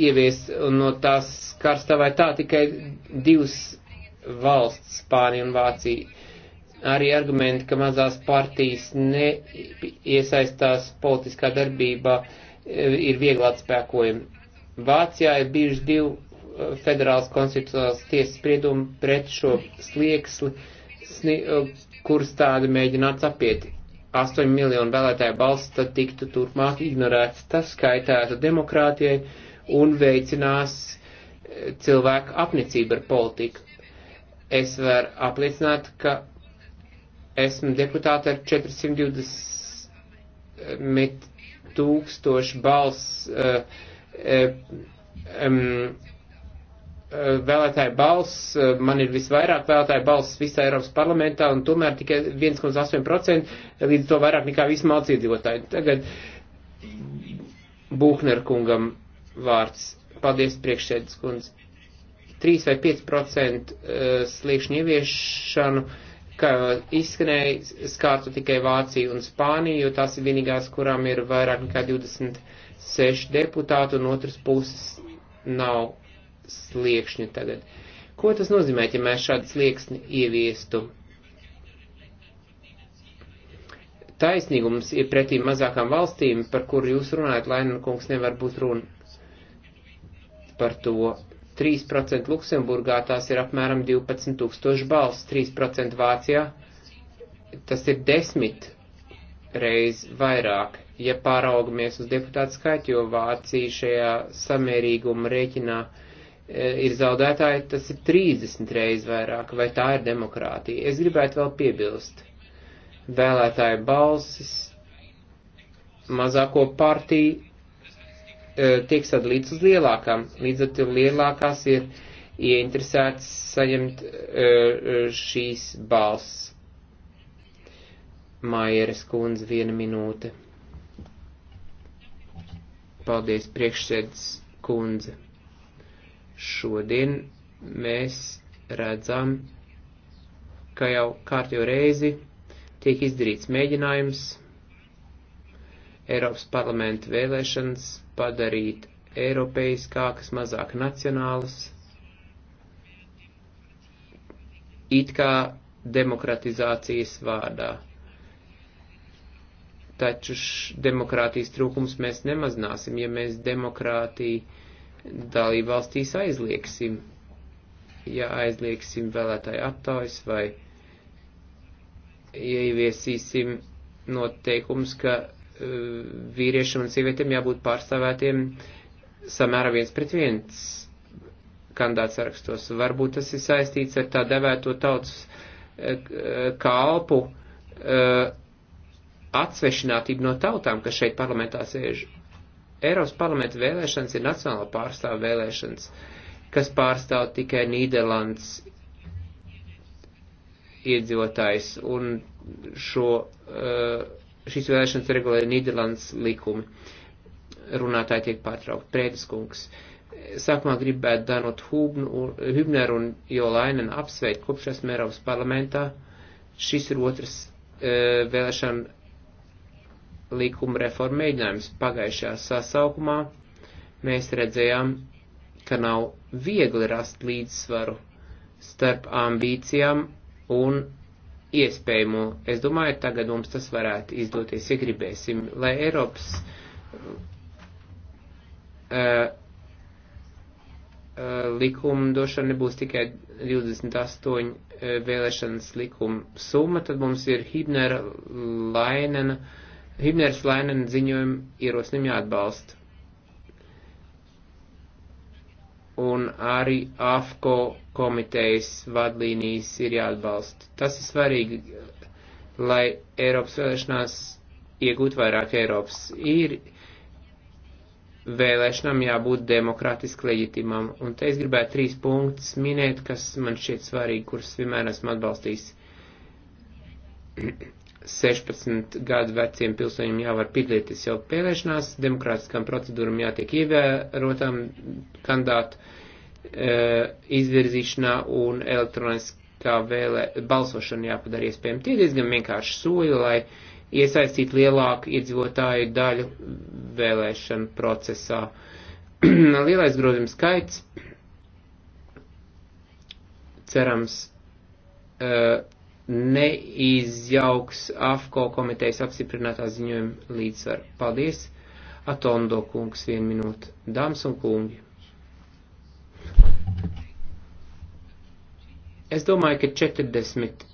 ieviest, un no tās karstā vai tā tikai divas valsts, Spānija un Vācija. Arī argumenti, ka mazās partijas neiesaistās politiskā darbībā uh, ir viegli atspēkojami. Vācijā ir bijuši divi uh, federāls konstitucionāls tiesas spriedumi pret šo slieksli, sni, uh, kurus tādi mēģināts apiet. 8 miljonu vēlētāju balsts tad tiktu turpmāk ignorēts. Tas skaitētu demokrātijai un veicinās uh, cilvēku apnicību ar politiku. Es varu apliecināt, ka esmu deputāta ar 420 tūkstoši balss, uh, um, vēlētāju balss, man ir visvairāk vēlētāju balss visā Eiropas parlamentā, un tomēr tikai 1,8% līdz to vairāk nekā visi mācīdzīvotāji. Tagad Buhner kungam vārds. Paldies, priekšsēdus kundze. 3 vai 5% sliekšņu ieviešanu. Uh, ka izskanēja skārtu tikai Vāciju un Spāniju, jo tās ir vienīgās, kurām ir vairāk nekā 26 deputātu, un otras puses nav sliekšņu tagad. Ko tas nozīmē, ja mēs šādu slieksni ieviestu? Taisnīgums ir pretī mazākām valstīm, par kur jūs runājat, Lainan nu kungs nevar būt runa par to. 3% Luksemburgā tās ir apmēram 12 tūkstoši balss, 3% Vācijā tas ir desmit reiz vairāk, ja pāraugamies uz deputātu skaitu, jo Vācija šajā samērīguma rēķinā e, ir zaudētāji, tas ir 30 reiz vairāk, vai tā ir demokrātija. Es gribētu vēl piebilst, vēlētāju balsis, mazāko partiju Eh, tiek sadalīts uz lielākām, līdz ar to lielākās ir ieinteresēts saņemt eh, šīs balss. Maieres kundze viena minūte. Paldies priekšsēdz kundze. Šodien mēs redzam, ka jau kārtjo reizi tiek izdarīts mēģinājums Eiropas parlamenta vēlēšanas padarīt eiropeiskākas, mazāk nacionālas, it kā demokratizācijas vārdā. Taču demokrātijas trūkums mēs nemazināsim, ja mēs demokrātiju dalību valstīs aizlieksim, ja aizlieksim vēlētāju aptaujas vai ja ieviesīsim noteikums, ka Eh, vīriešiem un sievietēm jābūt pārstāvētiem samērā viens pret viens kandidāts sarakstos. Varbūt tas ir saistīts ar tā devēto tautas eh, eh, kalpu atsvešinātību no tautām, kas šeit parlamentā sēž. Eiropas parlamenta vēlēšanas ir nacionāla pārstāva vēlēšanas, kas pārstāv tikai Nīderlands iedzīvotājs un šo uh, šīs vēlēšanas regulē Nīderlandes likumi. Runātāji tiek pārtraukti. Prēdes kungs. Sākumā gribētu Danot Hübneru un Jolainen apsveikt kopš esmu Eiropas parlamentā. Šis ir otrs e, vēlēšana likuma reforma mēģinājums. Pagājušajā sasaukumā mēs redzējām, ka nav viegli rast līdzsvaru starp ambīcijām un iespējamo. Es domāju, tagad mums tas varētu izdoties, ja gribēsim, lai Eiropas uh, uh likumdošana nebūs tikai 28 uh, vēlēšanas likuma summa, tad mums ir Hibnera Lainena, Hibners Lainena ziņojumi ierosinājumi jāatbalsta. un arī AFCO komitejas vadlīnijas ir jāatbalsta. Tas ir svarīgi, lai Eiropas vēlēšanās iegūtu vairāk Eiropas. Ir vēlēšanām jābūt demokrātiski leģitimam, un te es gribētu trīs punktus minēt, kas man šķiet svarīgi, kurus vienmēr esmu atbalstījis. 16 gadu veciem pilsoņiem jāvar piedalīties jau vēlēšanās, demokrātiskām procedūram jātiek ievērotām kandidātu e, izvirzīšanā un elektroniskā vēlē, balsošana jāpadara iespējami. Tie diezgan vienkārši soļi, lai iesaistītu lielāku iedzīvotāju daļu vēlēšanu procesā. Lielais grozījums skaits, cerams, e, neizjauks AFCO komitejas apstiprinātā ziņojuma līdzsvaru. Paldies! Atondo kungs, vienu minūtu. Dāmas un kungi! Es domāju, ka 40,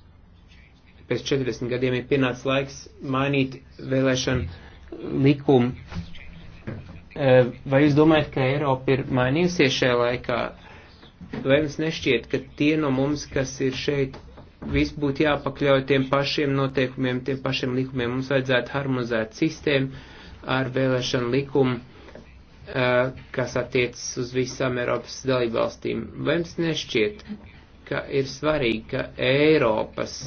pēc 40 gadiem ir pienācis laiks mainīt vēlēšanu likumu. E, vai jūs domājat, ka Eiropa ir mainījusies šajā laikā? Vai jums nešķiet, ka tie no mums, kas ir šeit viss būtu jāpakļauj tiem pašiem noteikumiem, tiem pašiem likumiem. Mums vajadzētu harmonizēt sistēmu ar vēlēšanu likumu, kas attiecas uz visām Eiropas dalībvalstīm. Vai jums nešķiet, ka ir svarīgi, ka Eiropas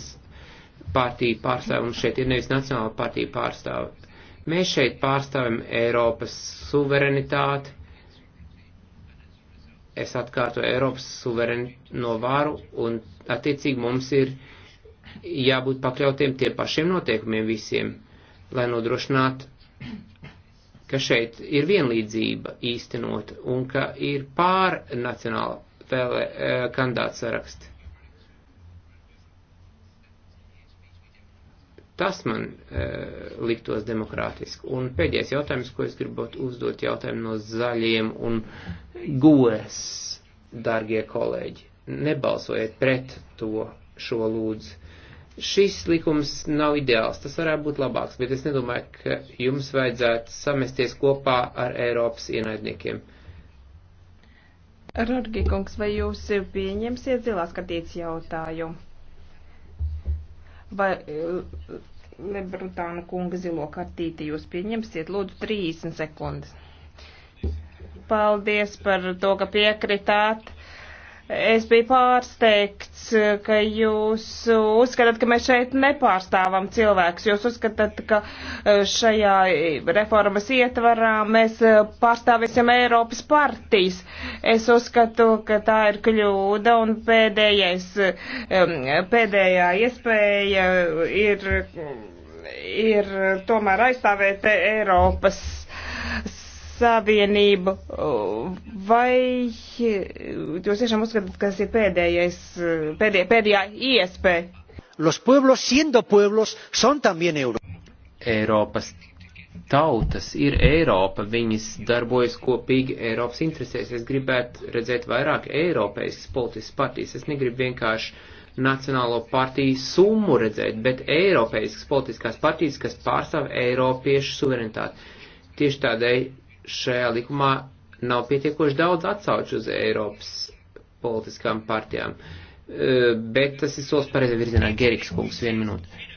partija pārstāvums šeit ir nevis Nacionāla partija pārstāvums? Mēs šeit pārstāvam Eiropas suverenitāti, es atkārtoju Eiropas suverēno vāru, un attiecīgi mums ir jābūt pakļautiem tiem pašiem noteikumiem visiem, lai nodrošinātu, ka šeit ir vienlīdzība īstenot un ka ir pārnacionāla vēlē eh, kandidāts saraksts. Tas man e, liktos demokrātiski. Un pēdējais jautājums, ko es gribētu uzdot jautājumu no zaļiem un goes, dārgie kolēģi. Nebalsojiet pret to šo lūdzu. Šis likums nav ideāls, tas varētu būt labāks, bet es nedomāju, ka jums vajadzētu samesties kopā ar Eiropas ienaidniekiem. Rorgi kungs, vai jūs pieņemsiet zilās kartītes jautājumu? Vai eh, Lebrutāna kunga zilo kartīti jūs pieņemsiet? Lūdzu, 30 sekundes. Paldies par to, ka piekritāt. Es biju pārsteigts, ka jūs uzskatāt, ka mēs šeit nepārstāvam cilvēkus. Jūs uzskatāt, ka eh, šajā reformas ietvarā mēs eh, pārstāvēsim Eiropas partijas. Es uzskatu, ka tā ir kļūda un pēdējais, pēdējā iespēja ir, ir tomēr aizstāvēt Eiropas Savienību, vai jūs tiešām uzskatāt, ka tas ir pēdējais, pēdējā, pēdējā iespēja? Los pueblos, siendo pueblos, son también Europa. Eiropas tautas ir Eiropa, viņas darbojas kopīgi Eiropas interesēs. Es gribētu redzēt vairāk Eiropas politiskas partijas. Es negribu vienkārši nacionālo partiju summu redzēt, bet Eiropas politiskās partijas, kas pārstāv Eiropiešu suverenitāti. Tieši tādēļ šajā likumā nav pietiekoši daudz atsauču uz Eiropas politiskām partijām. E, bet tas ir solis pareizā virzienā. Geriks kungs, vienu minūti.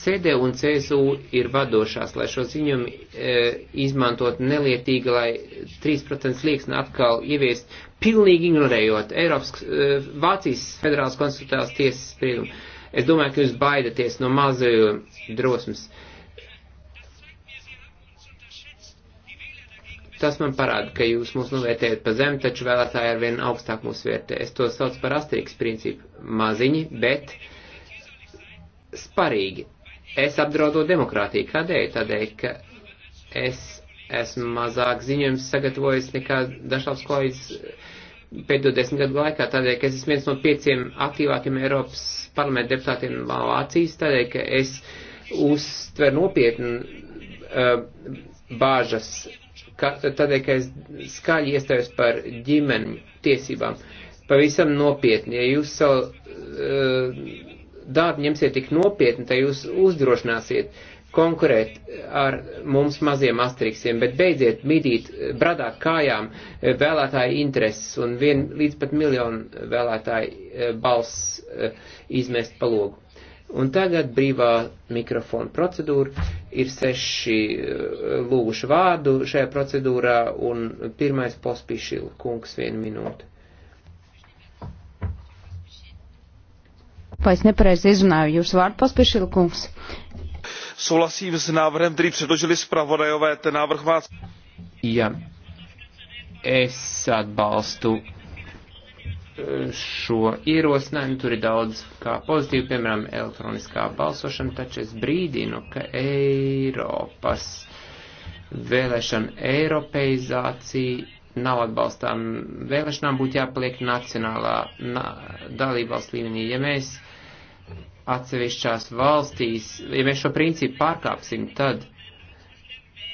CD un CSU ir vadošās, lai šo ziņojumu e, izmantot nelietīgi, lai 3% slieksni atkal ieviest, pilnīgi ignorējot Eiropas, e, Vācijas federālas konstitucionālās tiesas spriedumu. Es domāju, ka jūs baidaties no mazajiem drosmes. E, Tas man parāda, ka jūs mūs novērtējat pa zem, taču vēlētāji ar vien augstāk mūs vērtē. Es to saucu par asterīgs principu. Maziņi, bet sparīgi. Es apdraudu demokrātiju. Kādēļ? Tādēļ, ka es esmu mazāk ziņojums sagatavojis nekā dažādas kolēģis pēdējo desmit gadu laikā, tādēļ, ka es esmu viens no pieciem aktīvākiem Eiropas parlamenta deputātiem Vācijas, tādēļ, ka es uztveru nopietni uh, bāžas ka, tādēļ, ka es skaļi iestājos par ģimeņu tiesībām. Pavisam nopietni, ja jūs savu uh, darbu ņemsiet tik nopietni, tad jūs uzdrošināsiet konkurēt ar mums maziem astriksiem, bet beidziet midīt, bradāt kājām eh, vēlētāju intereses un vien līdz pat miljonu vēlētāju eh, balss izmest pa logu. Un tagad brīvā mikrofona procedūra ir seši eh, lūguši vārdu šajā procedūrā un pirmais pospišila kungs vienu minūti. Vai es nepareizi izrunāju jūsu vārdu pospišila kungs? Souhlasím s návrhem, který předložili zpravodajové. Ten návrh má... Jā, es atbalstu šo ierosinājumu, tur ir daudz kā pozitīvu, piemēram, elektroniskā balsošana, taču es brīdinu, ka Eiropas vēlēšana eiropeizācija nav atbalstām vēlēšanām, būtu jāpaliek nacionālā na, dalībvalsts līmenī. Ja mēs atsevišķās valstīs, ja mēs šo principu pārkāpsim, tad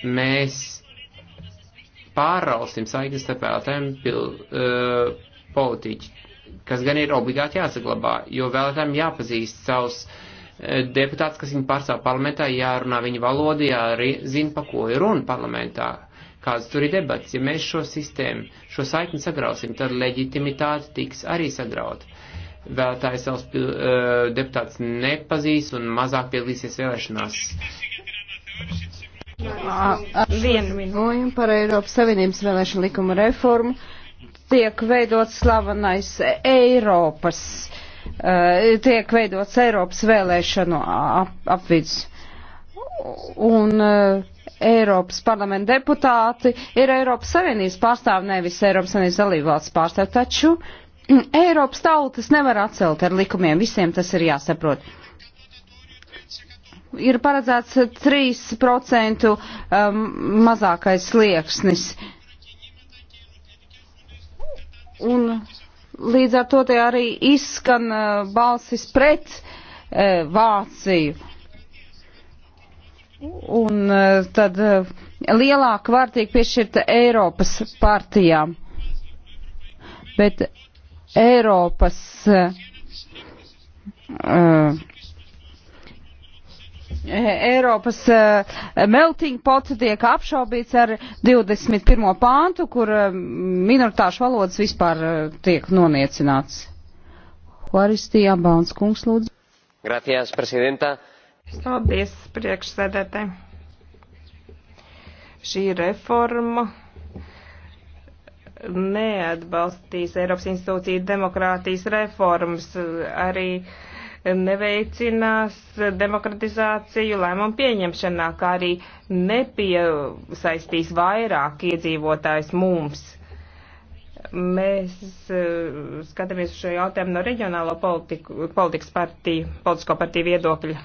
mēs pārrausim saiknes starp vēlētājiem, pil, uh, politiķi, kas gan ir obligāti jāsaglabā, jo vēlētājiem jāpazīst savus e, deputātus, kas viņu pārstāv parlamentā, jārunā viņa valoda, jāzina, pa ko ir runa parlamentā, kādas tur ir debats. Ja mēs šo sistēmu, šo saikni sagrausim, tad leģitimitāte tiks arī sagrauta. Vēlētāji savus uh, deputātus nepazīs un mazāk piedalīsies vēlēšanās. Vienu minūti par Eiropas Savienības vēlēšanu likuma reformu. Uh, tiek veidots slavenais Eiropas, uh, tiek veidots Eiropas vēlēšanu ap, apvids. Un uh, Eiropas parlamenta deputāti ir Eiropas Savienības pārstāvi, nevis Eiropas Savienības dalībvalsts pārstāvi, taču mm, Eiropas tautas nevar atcelt ar likumiem, visiem tas ir jāsaprot. Ir paredzēts 3% um, ehm, mazākais slieksnis. Uh, Un līdz ar to te arī izskan uh, balsis pret uh, Vāciju. Un uh, tad lielāka var tiek piešķirta Eiropas partijām. Bet Eiropas uh, Eiropas eh, melting pots tiek apšaubīts ar 21. pāntu, kur eh, minoritāšu valodas vispār eh, tiek noniecināts. Horistijā Bāns kungs lūdzu. Gracias, prezidenta. Paldies, priekšsēdētāji. Šī reforma neatbalstīs Eiropas institūciju demokrātijas reformas. Arī uh, neveicinās demokratizāciju lēmumu pieņemšanā, kā arī nepiesaistīs vairāk iedzīvotājs mums. Mēs eh, skatāmies uz šo jautājumu no reģionālo politiku, politikas partiju, politisko partiju viedokļa.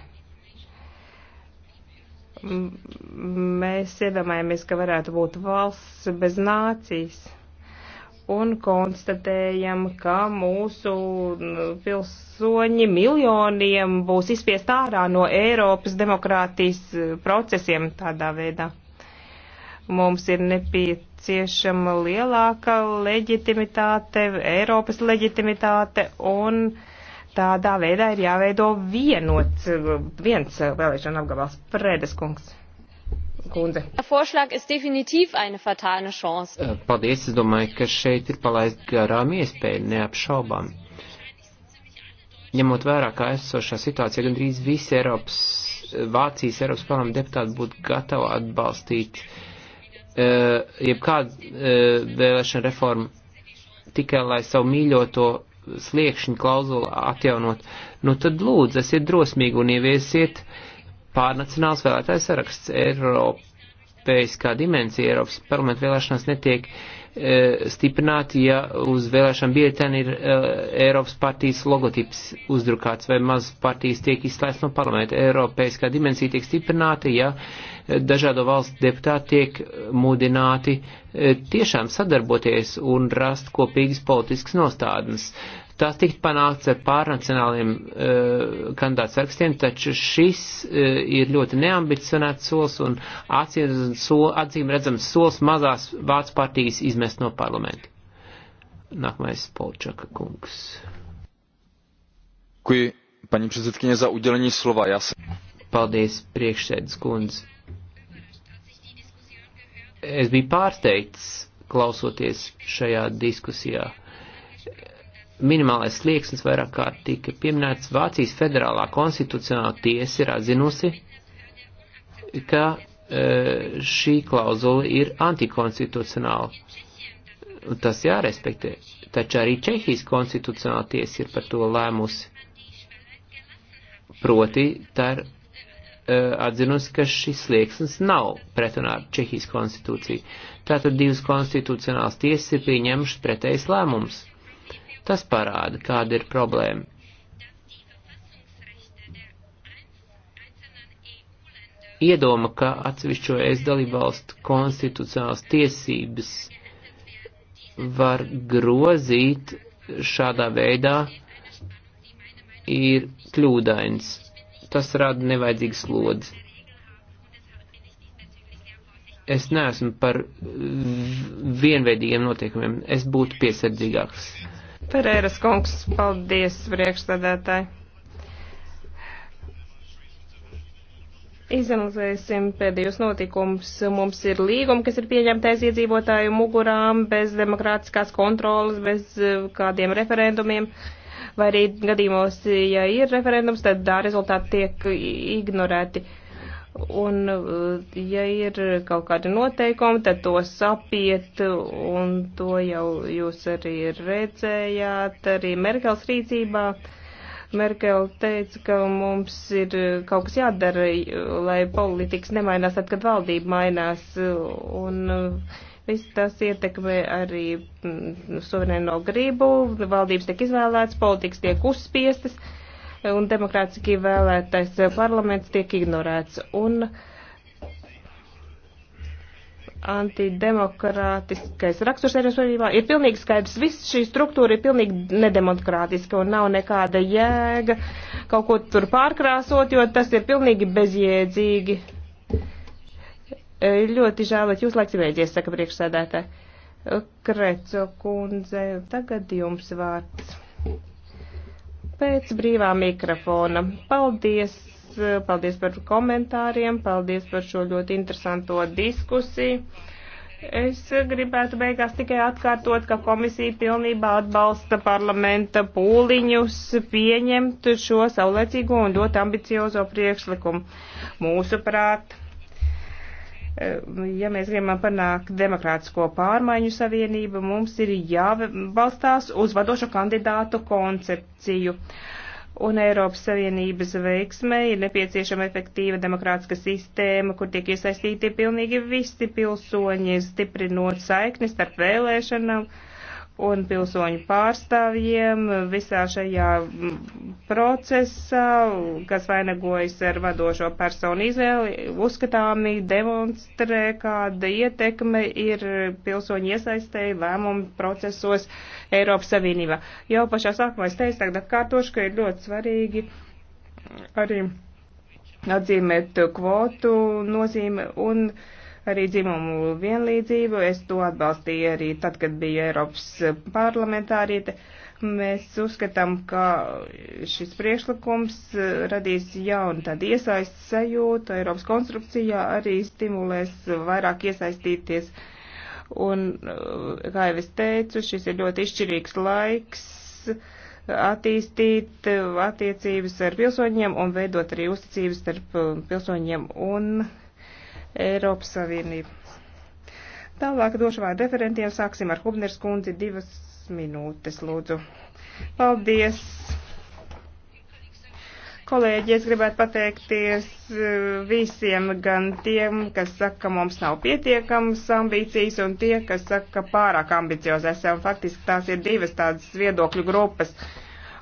Mēs iedomājamies, ka varētu būt valsts bez nācijas un konstatējam, ka mūsu pils, pilsoņi miljoniem būs izspiest ārā no Eiropas demokrātijas eh, procesiem tādā veidā. Mums ir nepieciešama lielāka leģitimitāte, Eiropas leģitimitāte un tādā veidā ir jāveido vienots, viens vēlēšana apgabals Prēdes kungs. Kundze. Paldies, es domāju, ka šeit ir palaist garām iespēju neapšaubām Ņemot vērā, kā esošā situācija, gandrīz visi Eiropas, Vācijas Eiropas parlamenta deputāti būtu gatavi atbalstīt uh, jebkādu uh, vēlēšanu reformu tikai lai savu mīļoto sliekšņu klauzulu atjaunot, nu tad lūdzu, esiet drosmīgi un ieviesiet pārnacionāls vēlētājs saraksts. Eiropeiskā dimensija Eiropas parlamenta vēlēšanās netiek uh, E, stiprināt, ja uz vēlēšana biļetēna ir e, Eiropas partijas logotips uzdrukāts vai maz partijas tiek izslēgts no parlamenta. Eiropeiskā dimensija tiek stiprināta, ja dažādo valstu deputāti tiek mudināti e, tiešām sadarboties un rast kopīgas politiskas nostādnes. Uh, Tās tikt panākts ar pārnacionāliem uh, kandidātu sarakstiem, taču šis uh, ir ļoti neambicionēts solis un acīm redzams solis mazās vārds partijas izmest no parlamenta. Nākamais Polčaka kungs. Kui, paņi prezidentkiņa, za udelenī slova, jāsaka. Paldies, priekšsēdus kundze. Es biju pārsteigts klausoties šajā diskusijā minimālais slieksnis vairāk kārt tika pieminēts. Vācijas federālā konstitucionālā tiesa ir atzinusi, ka e, šī klauzula ir antikonstitucionāla. Tas jārespektē. Taču arī Čehijas konstitucionāla tiesa ir par to lēmusi. Proti, tā ir e, atzinusi, ka šis slieksnis nav pretrunā ar Čehijas konstitūciju. Tātad divas konstitucionālas tiesas ir pieņemušas pretējas lēmumus. Tas parāda, kāda ir problēma. Iedoma, ka atsevišķo es dalībvalstu konstitucionālas tiesības var grozīt šādā veidā, ir kļūdains. Tas rada nevajadzīgu slodzi es neesmu par vienveidīgiem noteikumiem, es būtu piesardzīgāks. Pereiras kungs, paldies priekšstādētāji. Izanalizēsim pēdējos notikumus. Mums ir līguma, kas ir pieņemtais iedzīvotāju mugurām, bez demokrātiskās kontrolas, bez eh, kādiem referendumiem. Vai arī gadījumos, ja ir referendums, tad rezultāti tiek ignorēti. Uh, Un, eh, ja ir kaut kādi noteikumi, tad to sapiet, un to jau jūs arī redzējāt, arī Merkels rīcībā. Merkel teica, ka mums ir kaut kas jādara, lai politikas nemainās tad, kad valdība mainās. Un, eh, Viss tas ietekmē arī mm, suverēno gribu, valdības tiek izvēlētas, politikas tiek uzspiestas. Uh, un demokrātiski vēlētais parlaments tiek ignorēts. Un antidemokrātiskais raksturs Eiropas Savienībā ir pilnīgi skaidrs. Viss šī struktūra ir pilnīgi nedemokrātiska un nav nekāda jēga kaut ko tur pārkrāsot, jo tas ir pilnīgi bezjēdzīgi. Ļoti žēl, ka jūs laiks ir beidzies, saka priekšsēdētāji. Kreco kundze, tagad jums vārds pēc brīvā mikrofona. Paldies, paldies par komentāriem, paldies par šo ļoti interesanto diskusiju. Es gribētu beigās tikai atkārtot, ka komisija pilnībā atbalsta parlamenta pūliņus pieņemt šo saulēcīgo un ļoti ambiciozo priekšlikumu. Mūsuprāt, Eh, ja mēs gribam panākt demokrātisko pārmaiņu savienību, mums ir jābalstās uz vadošo kandidātu koncepciju. Un Eiropas Savienības veiksmē ir nepieciešama efektīva demokrātiska sistēma, kur tiek iesaistīti pilnīgi visi pilsoņi, stiprinot saiknis starp vēlēšanām un pilsoņu pārstāvjiem visā šajā mm, procesā, kas vainagojas ar vadošo personu izvēli, uzskatāmi demonstrē, kāda ietekme ir pilsoņu iesaistēji lēmumu procesos Eiropas Savienībā. Jau pašā sākumā es teicu, tagad atkārtošu, ka ir ļoti svarīgi arī atzīmēt kvotu nozīme un uh, arī dzimumu vienlīdzību. Es to atbalstīju arī tad, kad biju Eiropas parlamentāriete. Mēs uzskatām, ka šis priekšlikums eh, radīs jaunu tādu iesaistu sajūtu Eiropas konstrukcijā, arī stimulēs vairāk iesaistīties. Un, eh, kā jau es teicu, šis ir ļoti izšķirīgs laiks attīstīt eh, attiecības ar pilsoņiem un veidot arī uzticības starp pilsoņiem un Eiropas Savienību. Tālāk došu vārdu referentiem. Sāksim ar Hubners kundzi divas minūtes, lūdzu. Paldies! Kolēģi, es gribētu pateikties e, visiem, gan tiem, kas saka, ka mums nav pietiekams ambīcijas, un tie, kas saka, ka pārāk ambiciozi esam. Faktiski tās ir divas tādas viedokļu grupas. Uh,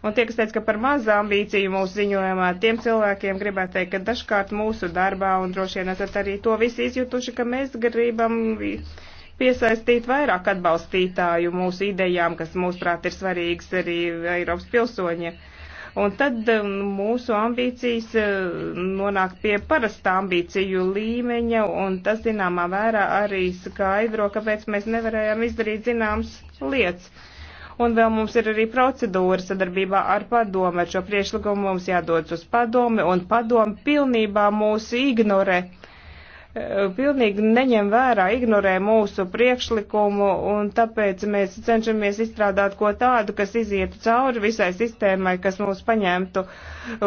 Un tie, kas teica, ka par maz ambīciju mūsu ziņojumā, tiem cilvēkiem gribētu teikt, ka dažkārt mūsu darbā, un droši vien esat arī to visi izjutuši, ka mēs gribam piesaistīt vairāk atbalstītāju mūsu idejām, kas mūsuprāt ir svarīgas arī Eiropas pilsoņiem. Un tad um, mūsu ambīcijas uh, nonāk pie parasta ambīciju līmeņa, un tas zināmā vērā arī skaidro, kāpēc mēs nevarējām izdarīt zināmas lietas. Un vēl mums ir arī procedūra sadarbībā ar padomu. Ar šo priešlikumu mums jādodas uz padomi, un padomu pilnībā mūs ignorē pilnīgi neņem vērā, ignorē mūsu priekšlikumu, un tāpēc mēs cenšamies izstrādāt ko tādu, kas izietu cauri visai sistēmai, kas mūs paņemtu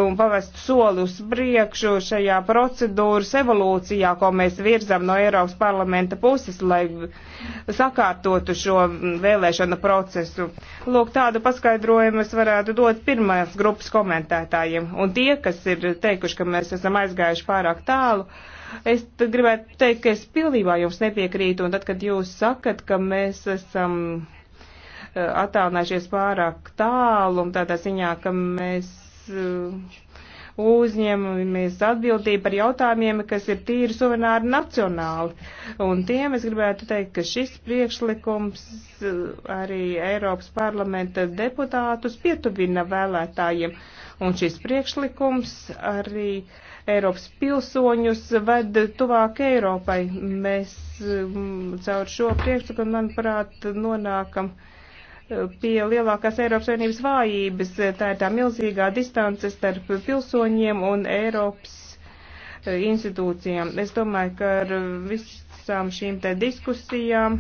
un pavestu soli uz priekšu šajā procedūras evolūcijā, ko mēs virzam no Eiropas parlamenta puses, lai sakārtotu šo vēlēšana procesu. Lūk, tādu paskaidrojumu es varētu dot pirmās grupas komentētājiem, un tie, kas ir teikuši, ka mēs esam aizgājuši pārāk tālu, uh, Es gribētu teikt, ka es pilnībā jums nepiekrītu, un tad, kad jūs sakat, ka mēs esam eh, attālinājušies pārāk tālu, un tādā ziņā, ka mēs eh, uzņemamies atbildību par jautājumiem, kas ir tīri suverēni nacionāli. Un tiem es gribētu teikt, ka šis priekšlikums eh, arī Eiropas parlamenta deputātus pietuvina vēlētājiem. Un šis priekšlikums arī uh, Eiropas pilsoņus ved tuvāk Eiropai. Mēs mm, caur šo priekšlikumu, manuprāt, nonākam e, pie lielākās Eiropas Savienības vājības. Tā ir tā milzīgā distance starp pilsoņiem un Eiropas e, institūcijām. Es domāju, ka ar visām šīm te diskusijām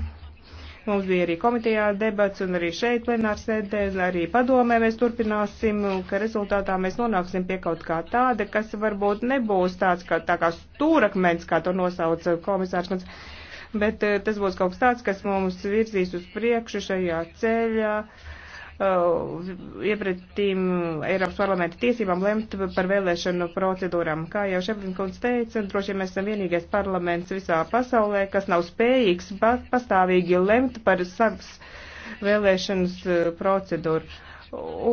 Mums bija arī komitejā debats un arī šeit plenārs sēdē, arī padomē mēs turpināsim, ka rezultātā mēs nonāksim pie kaut kā tāda, kas varbūt nebūs tāds kā, tā kā stūrakmens, kā to nosauca komisārs. Bet eh, tas būs kaut kas tāds, kas mums virzīs uz priekšu šajā ceļā. Uh, Uh, iepratīm Eiropas parlamenta tiesībām lemt par vēlēšanu procedūram. Kā jau Šeplinkunds teica, droši vien mēs esam vienīgais parlaments visā pasaulē, kas nav spējīgs pastāvīgi lemt par savas vēlēšanas uh, procedūru.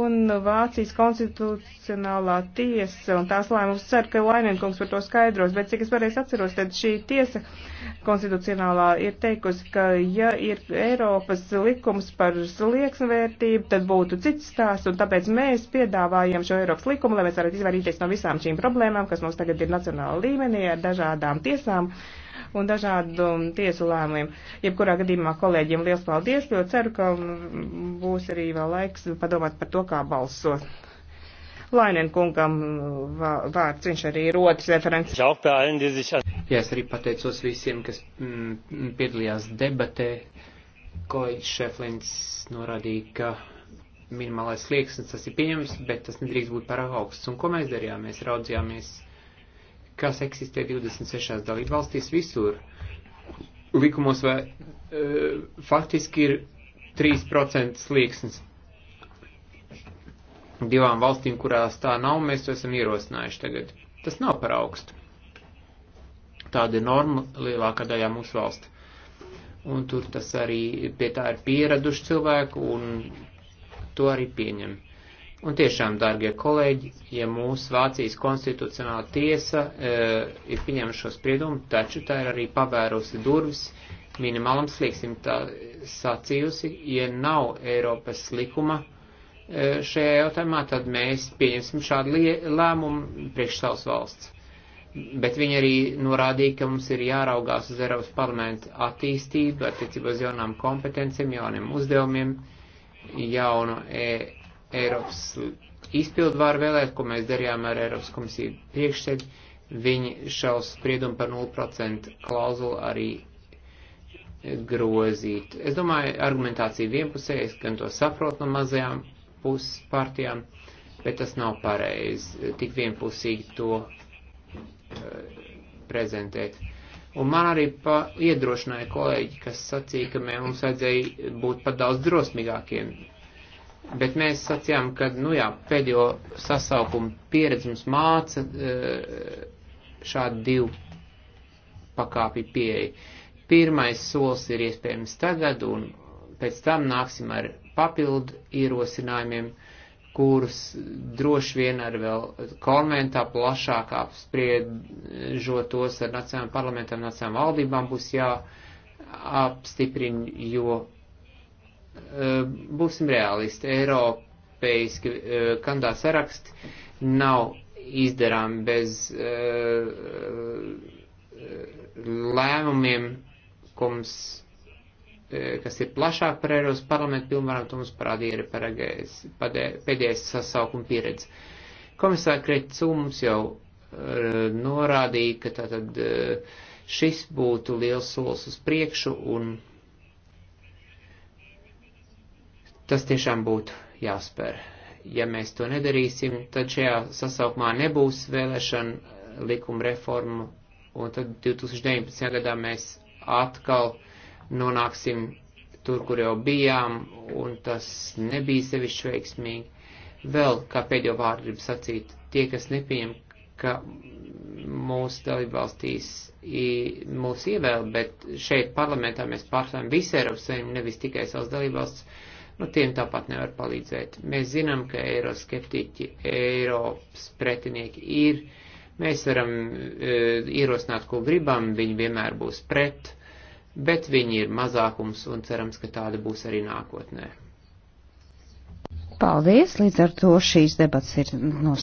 Un Vācijas konstitucionālā tiesa un tās lēmums cer, ka Laininkungs par to skaidros, bet cik es pareizi atceros, tad šī tiesa. Uh, konstitucionālā ir teikusi, ka ja ir Eiropas likums par slieksnvērtību, tad būtu cits stāsts, un tāpēc mēs piedāvājam šo Eiropas likumu, lai mēs varētu izvairīties no visām šīm problēmām, kas mums tagad ir nacionāla līmenī ar dažādām tiesām un dažādu tiesu lēmumiem. Jebkurā gadījumā kolēģiem liels paldies, jo ceru, ka būs arī vēl laiks padomāt par to, kā balsot. Lainen kungam mm, vārds, viņš arī ir otrs referents. Jā, es arī pateicos visiem, kas mm, piedalījās debatē, ko Šeflins norādīja, ka minimālais slieksnis tas ir pieņems, bet tas nedrīkst būt pārāk augsts. Un ko mēs darījām? Mēs raudzījāmies, kas eksistē 26 dalību valstīs visur. Likumos vai, e, faktiski ir 3% slieksnis divām valstīm, kurās tā nav, mēs to esam ierosinājuši tagad. Tas nav par augstu. Tāda ir norma lielākā daļā mūsu valsts. Un tur tas arī pie tā ir pieraduši cilvēku un to arī pieņem. Un tiešām, dārgie kolēģi, ja mūsu Vācijas konstitucionāla tiesa e, ir pieņēmuši šo spriedumu, taču tā ir arī pavērusi durvis minimālam slieksnim, tā sacījusi, ja nav Eiropas likuma E, šajā jautājumā, tad mēs pieņemsim šādu lēmumu priekš savas valsts. Bet viņi arī norādīja, ka mums ir jāraugās uz Eiropas parlamentu attīstību, attiecībā uz jaunām kompetencijām, jauniem uzdevumiem, jaunu e Eiropas izpildvaru vēlēt, ko mēs darījām ar Eiropas komisiju priekšsēdi. Viņi šaus spriedumu par 0% klauzulu arī grozīt. Es domāju, argumentācija vienpusējas, gan to saprot no mazajām puses partijām, bet tas nav pareizi tik vienpusīgi to eh, prezentēt. Un man arī pa, iedrošināja kolēģi, kas sacīja, ka mēs, mums vajadzēja būt pat daudz drosmīgākiem. Bet mēs sacījām, ka, nu jā, pēdējo sasaukumu pieredze mums māca eh, šādu divu pakāpju pieeju. Pirmais solis ir iespējams tagad, un pēc tam nāksim ar papildu ierosinājumiem, kurus droši vien ar vēl konventā plašāk apspriežot tos ar nacionālajiem parlamentiem, nacionālajām valdībām būs jāapstiprina, jo e, būsim realisti, Eiropeiski e, kandidāts saraksti nav izdarām bez e, lēmumiem, ko mums Eh, kas ir plašāk par Eiropas parlamentu pilnvarām, to mums parādīja arī pēdējais sasaukuma pieredze. Komisāra Kreits mums jau eh, norādīja, ka tātad eh, šis būtu liels solis uz priekšu un tas tiešām būtu jāspēr. Ja mēs to nedarīsim, tad šajā sasaukumā nebūs vēlēšana likuma reforma un tad 2019. gadā mēs atkal nonāksim tur, kur jau bijām, un tas nebija sevišķi veiksmīgi. Vēl, kā pēdējo vārdu gribu sacīt, tie, kas nepieņem, ka mūsu dalībvalstīs mūs ievēl, bet šeit parlamentā mēs pārstāvjam visu Eiropas Savienību, nevis tikai savas dalībvalsts, nu tiem tāpat nevar palīdzēt. Mēs zinām, ka eiroskeptiķi, Eiropas pretinieki ir, mēs varam e, ierosināt, ko gribam, viņi vienmēr būs pret bet viņi ir mazākums un cerams, ka tāda būs arī nākotnē. Paldies, līdz ar to šīs debats ir nos.